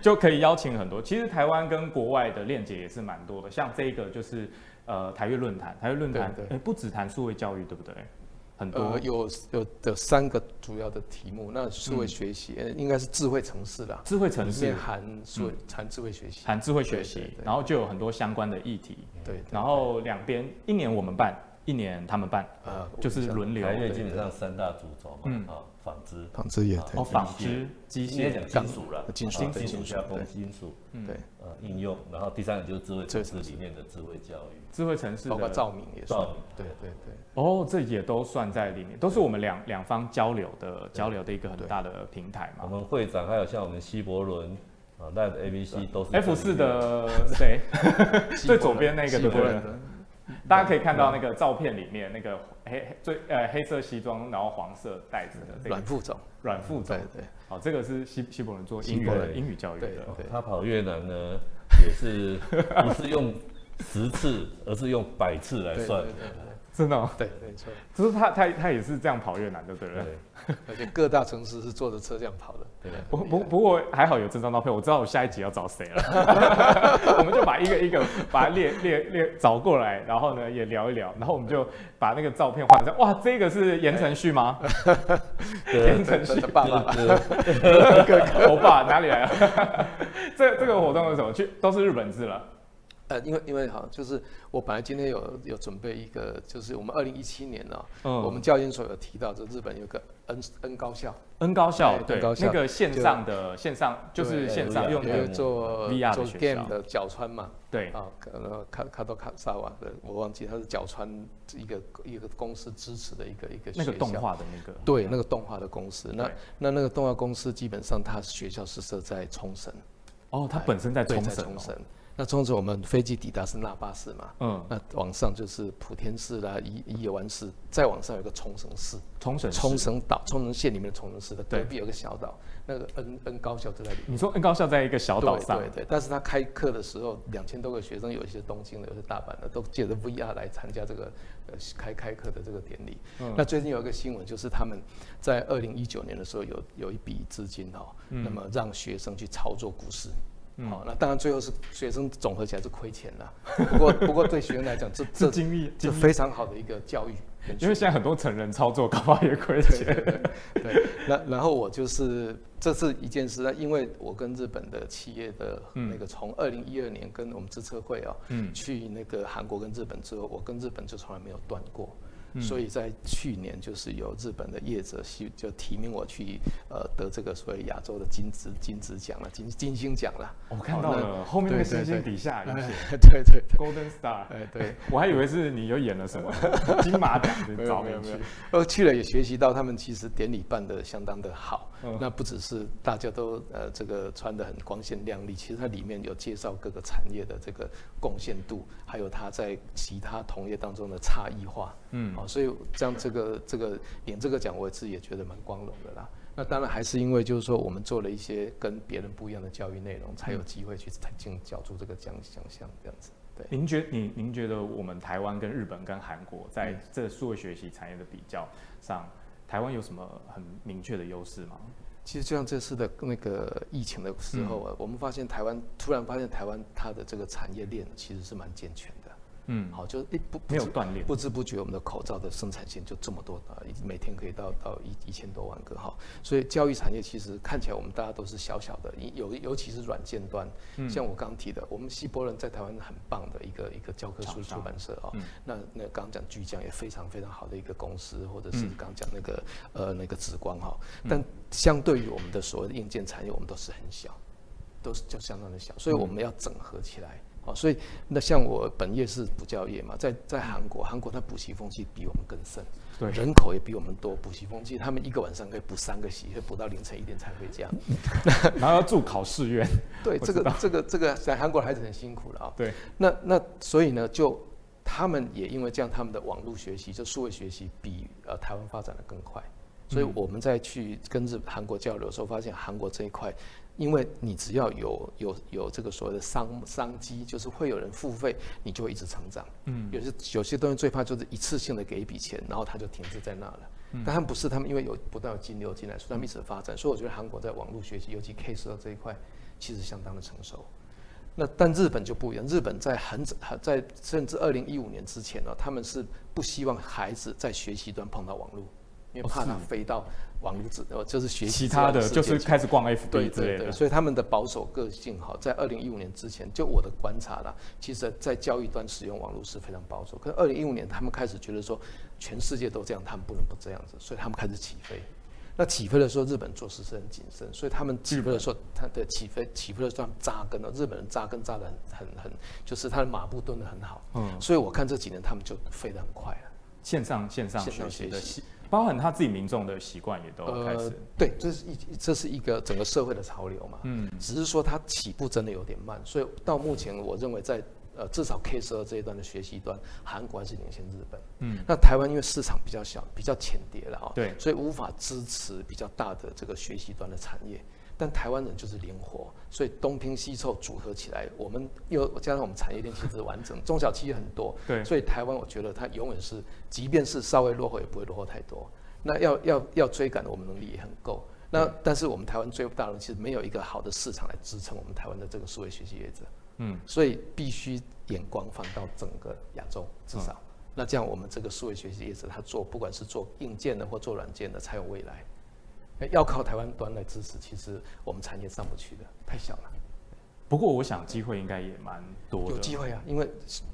Speaker 1: 就可以邀請很多。其實台灣跟國外的鏈接也是蠻多的，像這個就是。呃，台越論壇，台越論壇誒，不只談數位教育，對不對？很多有
Speaker 2: 有有三個主要的題目，那數位學習，應該是智慧城市啦，智慧城市含數含智慧學習，
Speaker 1: 含智慧學習，然後就有很多相關的議題。對，然後兩邊一年我們辦，一年他們辦，呃，就是輪流，因為基本上三大主軸嘛，啊，紡織，紡織業，哦，紡織、機械、金屬啦，金金屬加工、金屬，對，
Speaker 3: 呃，應用，然後第三個就是智慧城市裡面的智慧教育。
Speaker 1: 智慧城市包括照明也算，對對對，哦，這也都算在裡面，都是我們兩兩方交流的交流的一個很大的平台嘛。我們會長還有像我們希伯倫呃，n 的 ABC 都是 F 四的誰最左邊那個對。大家可以看到那個照片裡面那個黑最呃黑色西裝，然後黃色帶子的阮副總阮副總對對，好，這個是希希伯倫做英語英語教育的，他跑越南呢也是不是用。十次，而是用百次來算，對對對對，真的嗎？對，對，對，沒錯，只是他他他也是這樣跑越南的，對不對，對？ 而
Speaker 2: 且各大城市是坐着車這樣跑的。對
Speaker 1: 啦不不不過還好有這張照片，我知道我下一集要找誰了。 我們就把一個一個把它列列列找過來，然後呢也聊一聊，然後我們就把那個照片換上哇，這個是言承旭嗎？言承旭爸爸哥，哥我爸哪裡來了？ 這這個活動是什麼？去都是日本字了。呃，因為
Speaker 2: 因為哈，就是我本來今天有有準備一個，就是我們二零一七年呢，我們教研所有提到，就日本有個 N N 高校
Speaker 1: ，N 高校，對，N 高校，那個線上的線上就是線上用那個做做 game 的
Speaker 2: 角川嘛，對啊，可卡卡多卡薩瓦的，我忘記它是角川一個一個公司支持的一個一個那個動畫的那個，對，那個動畫的公司，那那那個動畫公司基本上它學校是設在沖繩，哦，它本身在沖繩。那總之，我們飛機抵達是那霸市嘛，嗯，那往上就是浦添市啦、宜宜野灣市，再往上有個沖
Speaker 1: 繩市，沖繩沖繩島、沖繩縣裡面的沖繩市的，隔壁有一
Speaker 2: 個小島，對那個 N N 高校就在裡面。
Speaker 1: 你說 N 高校在一個小島上，對對,對，
Speaker 2: 但是他開課的時候，兩千多個學生，有些東京的，有些大阪的，都借着 V R 來參加這個、呃、開開課的這個典禮。嗯、那最近有一個新聞，就是他們在二零一九年的時候有，有有一筆資金哈、哦，嗯、那麼讓學生去操作股市。嗯、好，那當然，最後是學生總合起來是虧錢了。不過，不過對學生來講，這 是這經歷就非常好的一個教育。因為現在
Speaker 1: 很多成人操作，搞不好也虧錢。對對對。對，
Speaker 2: 對，那然後我就是這是一件事。那因為我跟日本的企業的那個，從二零一二年跟我們知車會啊、喔，嗯，去那個韓國跟日本之後，我跟日本就從來沒有斷過。嗯、所以在去年，就是有日本的業者去就提名我去，呃，得這個所謂亞洲的金子金子獎了，金金星獎了。我看到了後面的星星底下有對對，Golden Star。哎，對，我還以為是
Speaker 1: 你又演了什麼 金馬獎，的照片去，
Speaker 2: 去了也學習到他們其實典禮辦的相當的好。嗯、那不只是大家都呃這個穿的很光鮮亮麗，其實它裡面有介紹各個產業的這個貢獻度，還有它在其他同業當中的差異化。嗯。所以，這樣這個這個領這個獎，我自己也覺得蠻光榮的啦。那當然還是因為，就是說我們做了一些
Speaker 1: 跟別人不一樣的教育內容，才有機
Speaker 2: 會去曾經角逐這個獎獎項這樣子。
Speaker 1: 對，您覺您您覺得我們台灣跟日本跟韓國在這數位學習產業的比較上，台灣有什麼很明確的優勢嗎？
Speaker 2: 其實就像這次的那個疫情的時候啊，我們發現台灣，突然發現台灣它的這個產業鏈其實是蠻健全的。嗯，好，就是不，不，不沒有鍛鍊，啊，不知不覺我們的口罩的生產線就這麼多啊，每天可以到到一一千多萬個哈，哦。所以教育產業其實看起來我們大家都是小小的，有尤其是軟件端，嗯，像我剛剛提的，我們希伯崙在台灣很棒的一個一個，一個教科書出版社啊。那那剛剛講巨匠也非常非常好的一個公司，或者是剛剛講那個呃那個紫光哈，哦。但相對於我們的所謂的硬件產業，我們都是很小，都是就相當的小，所以我們要整合起來。嗯哦，所以那像我本業是補教業嘛，在在韓國，韓國他補習風氣比我們更深，對，人口也比我們多，補習風氣他們一個晚上可以補三個習，會補到凌晨一點才回家，那然後住考試院， 對，知這個這個這個在韓國孩子很辛苦了啊，對，那那所以呢，就他們也因為這樣，他們的網絡學習就數位學習比呃台灣發展得更快，所以我們在去跟日韓國交流的時候，發現韓國這一塊。因為你只要有有有這個所謂的商商機，就是會有人付費，你就會一直成長。嗯，有些有些東西最怕就是一次性的給一筆錢，然後它就停滯在那了。嗯，但他們不是，他們因為有不斷有金流進來，所以他們一直發展。所以我覺得韓國在網絡學習，尤其 K 十二這一塊，其實相當的成熟。那但日本就不一樣，日本在很在甚至二零一五年之前呢，他們是不希望孩子在學習端碰到網絡，因為怕他飛到。哦網絡，哦，就是學習。其他的就是開始逛 FB 之類的。對對對，所以他們的保守個性哈，在二零一五年之前，就我的觀察啦，其實，在教育端使用網絡是非常保守。可是二零一五年，他們開始覺得說，全世界都這樣，他們不能不這樣子，所以他們開始起飛。那起飛的時候，日本做事是很謹慎，所以他們起不的說、嗯、他的起飛起飛的算紮根了。日本人紮根紮的很很很，就是他的馬步蹲
Speaker 1: 的很好。嗯。所以我看這幾年他們就飛得很快了。線上線上學習包含他自己民眾的習慣也都開始、呃，
Speaker 2: 對，這是一這是一個整個社會的潮流嘛，嗯，只是說他起步真的有點慢，所以到目前我認為在呃至少 K 十二這一段的學習端，韓國還是領先日本，嗯，那台灣因為市場比較小，比較淺碟了啊、哦，對，所以無法支持比較大的這個學習端的產業。但台灣人就是靈活，所以東拼西湊組合起來，我們又加上我們產業鏈其實是完整， 中小企業很多，對，所以台灣我覺得它永遠是，即便是稍微落後也不會落後太多。那要要要追趕的，我們能力也很夠。那、嗯、但是我們台灣追不到的，其實沒有一個好的市場來支撐我們台灣的這個數位學習業者。嗯，所以必須眼光放到整個亞洲，至少。嗯、那這樣我們這個數位學習業者，他做不管是做硬件的或做軟件的，才有未來。要靠台灣端來支持，其實我們產業
Speaker 1: 上不去的，太小了。不過我想機會應該也蠻多的。有機會啊，因為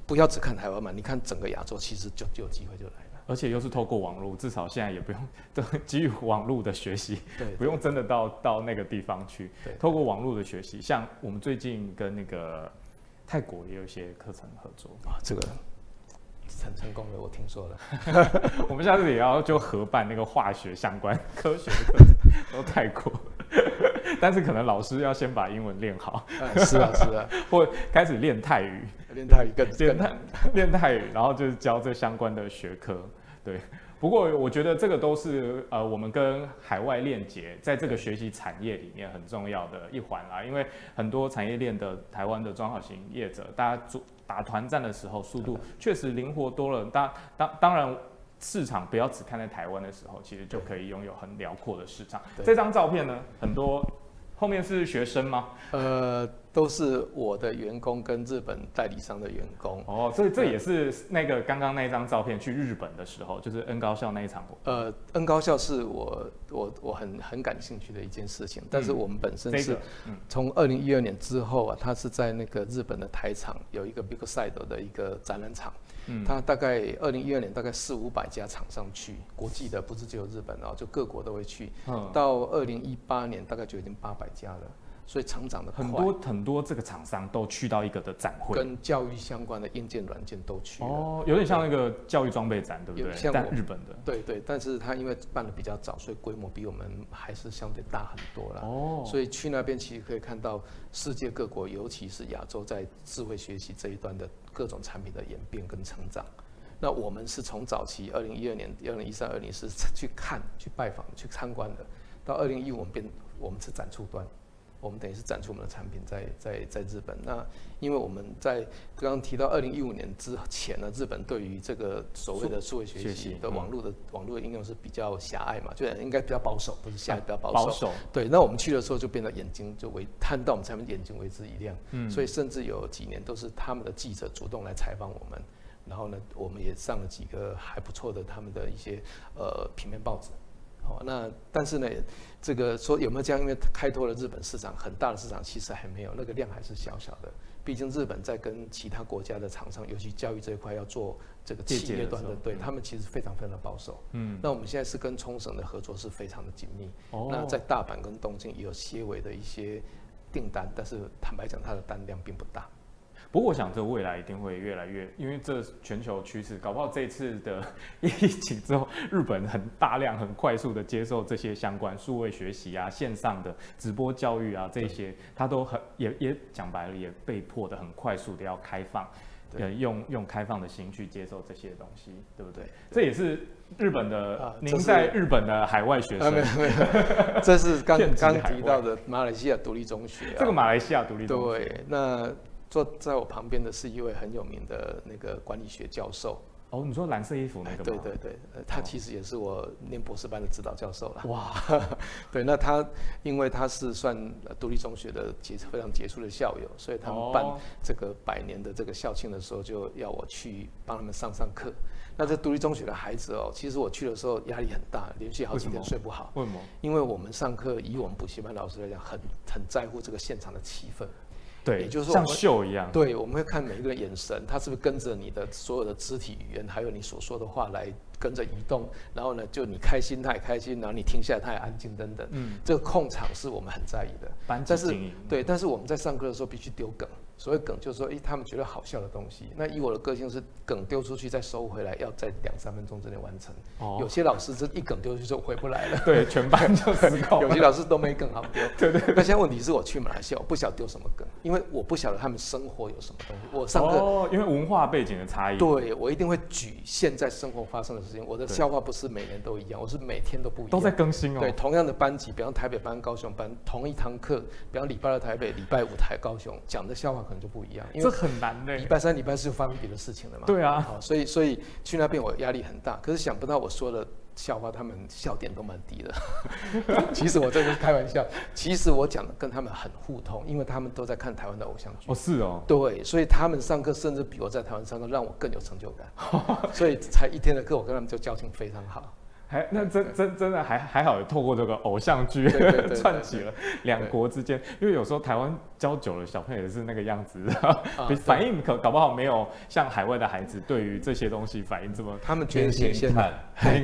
Speaker 1: 不要只看台灣嘛，你看整個亞洲其實就就有機會就來了。而且又是透過網絡，至少現在也不用對基於網絡的學習，對，對，對，不用真的到到那個地方去，對，透過網絡的學習，像我們最近跟那個泰國也有一些課程合作啊，這個。
Speaker 2: 很成功的，我聽說
Speaker 1: 了。 我們下次也要就合辦那個化學相關科學的課程，到泰國。但是可能老師要先把英文練好，嗯，是啊是啊，或開始練泰語，練泰語更練泰，練泰語，然後就是教這相關的學科，對。不過我覺得這個都是呃，我們跟海外鏈接，在這個學習產業裡面很重要的一環啦、啊。因為很多產業鏈的台灣的裝好型業者，大家組打團戰的時候，速度確實靈活多了。當當當然，市場不要只看在台灣的時候，其實就可以擁有很遼闊的市場。對這張照片呢，很多後面是學生嗎？呃。都是我的員工跟日本代理商的員工哦，所以這也是那個剛剛那一張照片，去日本的時候，就是 N 高校那一場。
Speaker 2: 呃，N 高校是我我我很很感興趣的一件事情，但是我們本身是，從二零一二年之後啊，它是在那個日本的台場有一個 Big Side 的一個展覽場，它大概二零一二年大概四五百家廠商去，國際的不是只有日本哦、啊，就各國都會去，到二零一八年大概就已經八百家了。所以成長的很多很多，
Speaker 1: 很多這個廠商都去到一個的展會，跟
Speaker 2: 教育相關的硬
Speaker 1: 件軟件都去哦，有點像那個教育裝備展，對不對？像我日本的，對，
Speaker 2: 對對。但是他因為辦的比較早，所以規模比我們還是相對大很多了。哦，所以去那邊其實可以看到世界各國，尤其是亞洲，在智慧學習這一端的各種產品的演變跟成長。那我們是從早期二零一二年、二零一三、二零一四去看、去拜訪、去參觀的，到二零一五，我們變我們是展出端。我們等於是展出我們的產品在在在日本。那因為我們在剛剛提到二零一五年之前呢，日本對於這個所謂的數位學習的網絡的網絡的應用是比較狹隘嘛，就應該比較保守，不是狹隘，比較保守。哎、保守 對，那我們去的時候就變得眼睛就為看到我們，產品眼睛為之一亮。嗯，所以甚至有幾年都是他們的記者主動來採訪我們，然後呢，我們也上了幾個還不錯的他們的一些呃平面報紙。那但是呢，這個說有沒有這樣？因為開拓了日本市場，很大的市場其實還沒有，那個量還是小小的。畢竟日本在跟其他國家的廠商，尤其教育這一塊要做這個企業端的，對他們其實非常非常的保守。嗯，那我們現在是跟沖繩的合作是非常的緊密。哦，那在大阪跟東京也有些微的一些
Speaker 1: 訂單，但是坦白講，它的單量並不大。不過我想，這未來一定會越來越，因為這全球趨勢，搞不好這次的疫情之後，日本很大量、很快速的接受這些相關數位學習啊、線上的直播教育啊這些，它對都很也也講白了，也被迫的很快速的要開放，對呃、用用開放的心去接受這些東西，對不對？對這也是日本的，嗯啊、您在日本的海外學生，啊、沒有沒有這是剛 剛提到
Speaker 2: 的馬來西亞獨立中學、啊，這個馬來西亞獨立中學，對那。坐在我旁邊的是一位很有名的那個管理學教授。哦，你說藍色衣服那個嗎？對對對，他其實也是我念博士班的指導教授啦。哇， 對，那他因為他是算獨立中學的傑非常傑出的校友，所以他們辦這個百年的這個校慶的時候，就要我去幫他們上上課。哦、那這獨立中學的孩子哦、喔，其實我去的時候壓力很大，連續好幾天睡不好為。為什麼？因為我們上課以我們補習班老師來講，很很在乎這個現場的氣氛。對，也就是說像秀一樣，對，我們會看每一個人眼神，他是不是跟着你的所有的肢體語言，還有你所說的話來跟着移動。然後呢，就你開心他也開心，然後你停下來他也安靜等等。嗯，這個控場是我們很在意的。但是，嗯，對，但是我們在上課的時候必須丟梗。所謂梗就是說，欸，他們覺得好笑的東西。那以我的個性是，梗丟出去再收回來，要在兩三分鐘之內完成。哦。有些老師這一梗丟出去就回不來了。對，全班就死。 有些老師都沒梗好丟。對，對對。那現在問題是我去馬來西亞，我不曉得丟什麼梗，因為我不曉得他們生活有什麼東西。我上課。哦。
Speaker 1: 因為文化背景的差異。對，
Speaker 2: 我一定會舉現在生活發生的事情。我的笑話不是每年都一樣，我是每天都不一樣。都在更新哦。對，同樣的班級，比方台北班、高雄班，同一堂課，比方禮拜二台北，禮拜五台高雄，講的笑話。可能就不一樣，因為這很難的。禮拜三、禮拜四就發生別的事情了嘛？對啊、欸哦，所以所以去那邊我壓力很大，可是想不到我說的笑話，他們笑點都蠻低的。 其實我這個是開玩笑，其實我講的跟他們很互通，因為他們都在看台灣的偶像劇。哦，是哦。對，所以他們上課甚至比我在台灣上課讓我更有成就感，哦，所以才一天的課我跟他們就交情非常好。
Speaker 1: 還那真真真的還還好，有透過這個偶像劇串起了兩國之間。因為有時候台灣教久了，小朋友也是那個樣子，反應可搞不好沒有像海外的孩子對於這些東西反應這麼。他們全得看，應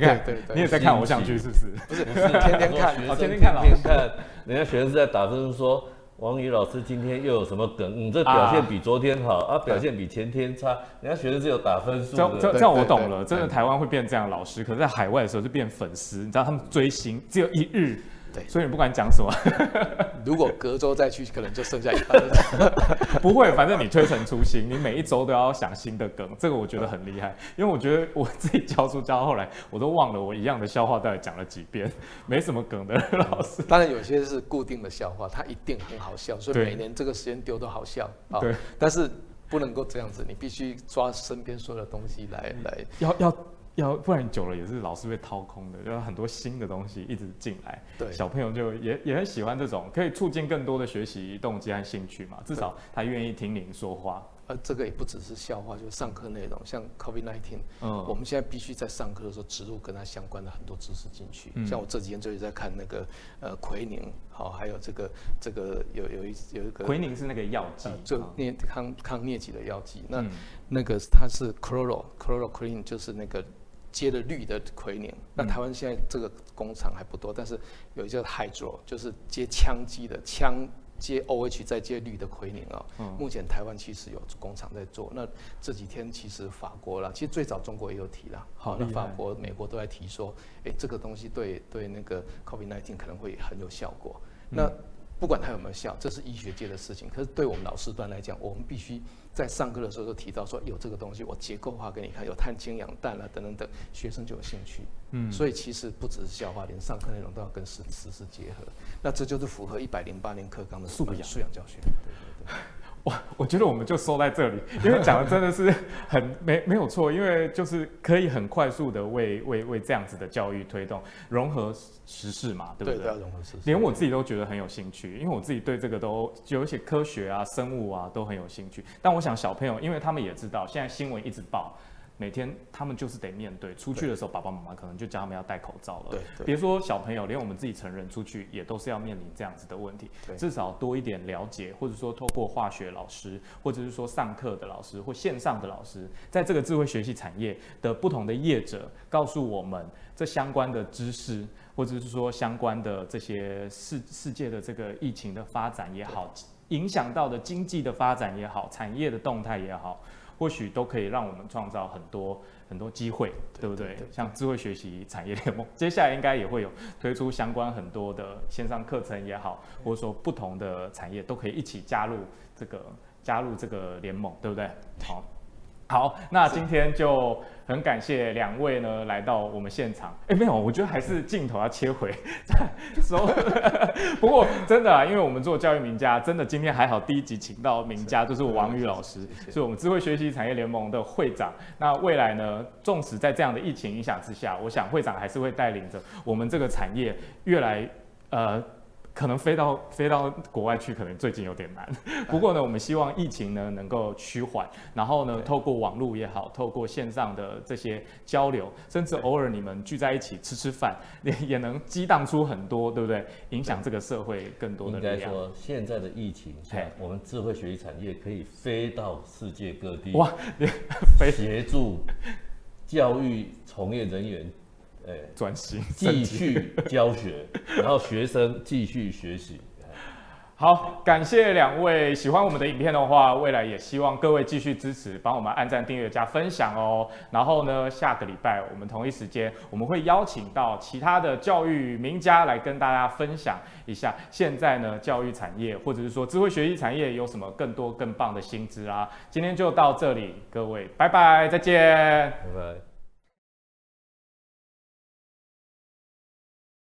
Speaker 1: 你也在看偶像劇是不是？不是，是天天看，天天看，天天看。
Speaker 3: 人家學生是在打字就是說。王宇老師今天又有什麼梗？你、嗯、這表現比昨天好啊，啊，表現比前天差。人家學生只有打分數，這樣這樣我懂了。真的，
Speaker 1: 台灣會變這樣老師，可是，在海外的時候就變粉絲。你知道他們追星只有一日。對所以你不管講什麼對，
Speaker 2: 如果隔周再去， 可能
Speaker 1: 就剩下一半。 不會，反正你推陳出新，你每一周都要想新的梗，這個我覺得很厲害。對因為我覺得我自己教書教後來，我都忘了我一樣的笑話到底講了幾遍，沒什麼梗的、嗯、老師。當然有些是固定的笑話，它一定很
Speaker 2: 好笑，所以每年這個時間丟都好笑啊對、哦。但是不能夠這樣子，你必須抓身邊所有的東西來來。
Speaker 1: 要要。要要不然久了也是老是被掏空的，有很多新的東西一直進來。對小朋友就也也很喜歡這種，可以促進更多的學習動機和興趣嘛。至少他願意聽您說話。
Speaker 2: 呃，這個也不只是笑話，就是上課內容，像 COVID-19，嗯，我們現在必須在上課的時候植入跟他相關的很多知識進去。嗯、像我這幾天就是在看那個呃奎寧，好、哦，還有這個這個有有一有一個奎寧是那個藥劑、呃，就抗抗瘧疾的藥劑。那、嗯、那個它是 Chloro、嗯、Chloroquine 就是那個。接了氯的奎寧，那台灣現在這個工廠還不多，嗯、但是有一個 Hydro，就是接羥基的羥接 O H 再接氯的奎寧啊、哦。嗯、目前台灣其實有工廠在做，那這幾天其實法國啦，其實最早中國也有提啦。好，那法國、美國都在提說，誒、欸，這個東西對對那個 COVID-19 可能會很有效果。嗯、那不管它有沒有效，這是醫學界的事情。可是對我們老師端來講，我們必須，在上課的時候就提到說有這個東西，我結構化給你看，有碳氫氧氧氮啊等等等，學生就有興趣。嗯，所以其實不只是消化，連上課內容都要跟時事結合，那這就是符合一百零八年課綱的
Speaker 1: 素養素養教學。養對對對。我我覺得我們就收在這裡，因為講的真的是很沒沒有錯，因為就是可以很快速的為為為這樣子的教育推動融合時事嘛，對不對？對，
Speaker 2: 要啊，融合時事，連
Speaker 1: 我自己都覺得很有興趣，因為我自己對這個都有一些科學啊、生物啊都很有興趣。但我想小朋友，因為他們也知道現在新聞一直報。每天他們就是得面對出去的時候，爸爸媽媽可能就叫他們要戴口罩了。別說小朋友，連我們自己成人出去也都是要面臨這樣子的問題。至少多一點了解，或者說透過化學老師，或者是說上課的老師或線上的老師，在這個智慧學習產業的不同的業者告訴我們這相關的知識，或者是說相關的這些世世界的這個疫情的發展也好，影響到的經濟的發展也好，產業的動態也好。或許都可以讓我們創造很多很多機會，對，對，對，對，對不對？像智慧學習產業聯盟，接下來應該也會有推出相關很多的線上課程也好，嗯、或者說不同的產業都可以一起加入這個加入這個聯盟，對不對？好。好，那今天就很感謝兩位呢、啊、來到我們現場。哎，沒有，我覺得還是鏡頭要切回再說， 不過真的啊，因為我們做教育名家，真的今天還好第一集請到名家，是啊、就是王宇老師，是我們智慧學習產業聯盟的會長。那未來呢，縱使在這樣的疫情影響之下，我想會長還是會帶領着我們這個產業越來呃。可能飛到飛到國外去，可能最近有點難。不過呢，我們希望疫情呢能夠趨緩，然後呢，透過網絡也好，透過線上的這些交流，甚至偶爾你們聚在一起吃吃飯，也也能激盪出很多，對不對？影響這個社會更多的人。應該說，現在的疫情下嘿我們智慧學習產業可以飛到世界各地，哇，
Speaker 3: 飛協助教育從業人員，哎，轉型
Speaker 4: 繼續
Speaker 1: 教學， 然後學生繼續學習。好，感謝兩位。喜歡我們的影片的話，未來也希望各位繼續支持，幫我們按讚、訂閱、加分享哦。然後呢，下個禮拜我們同一時間，我們會邀請到其他的教育名家來跟大家分享一下，現在呢教育產業或者是說智慧學習產業有什麼更多更棒的新知啊。今天就到這裡，各位拜拜，再見。拜拜。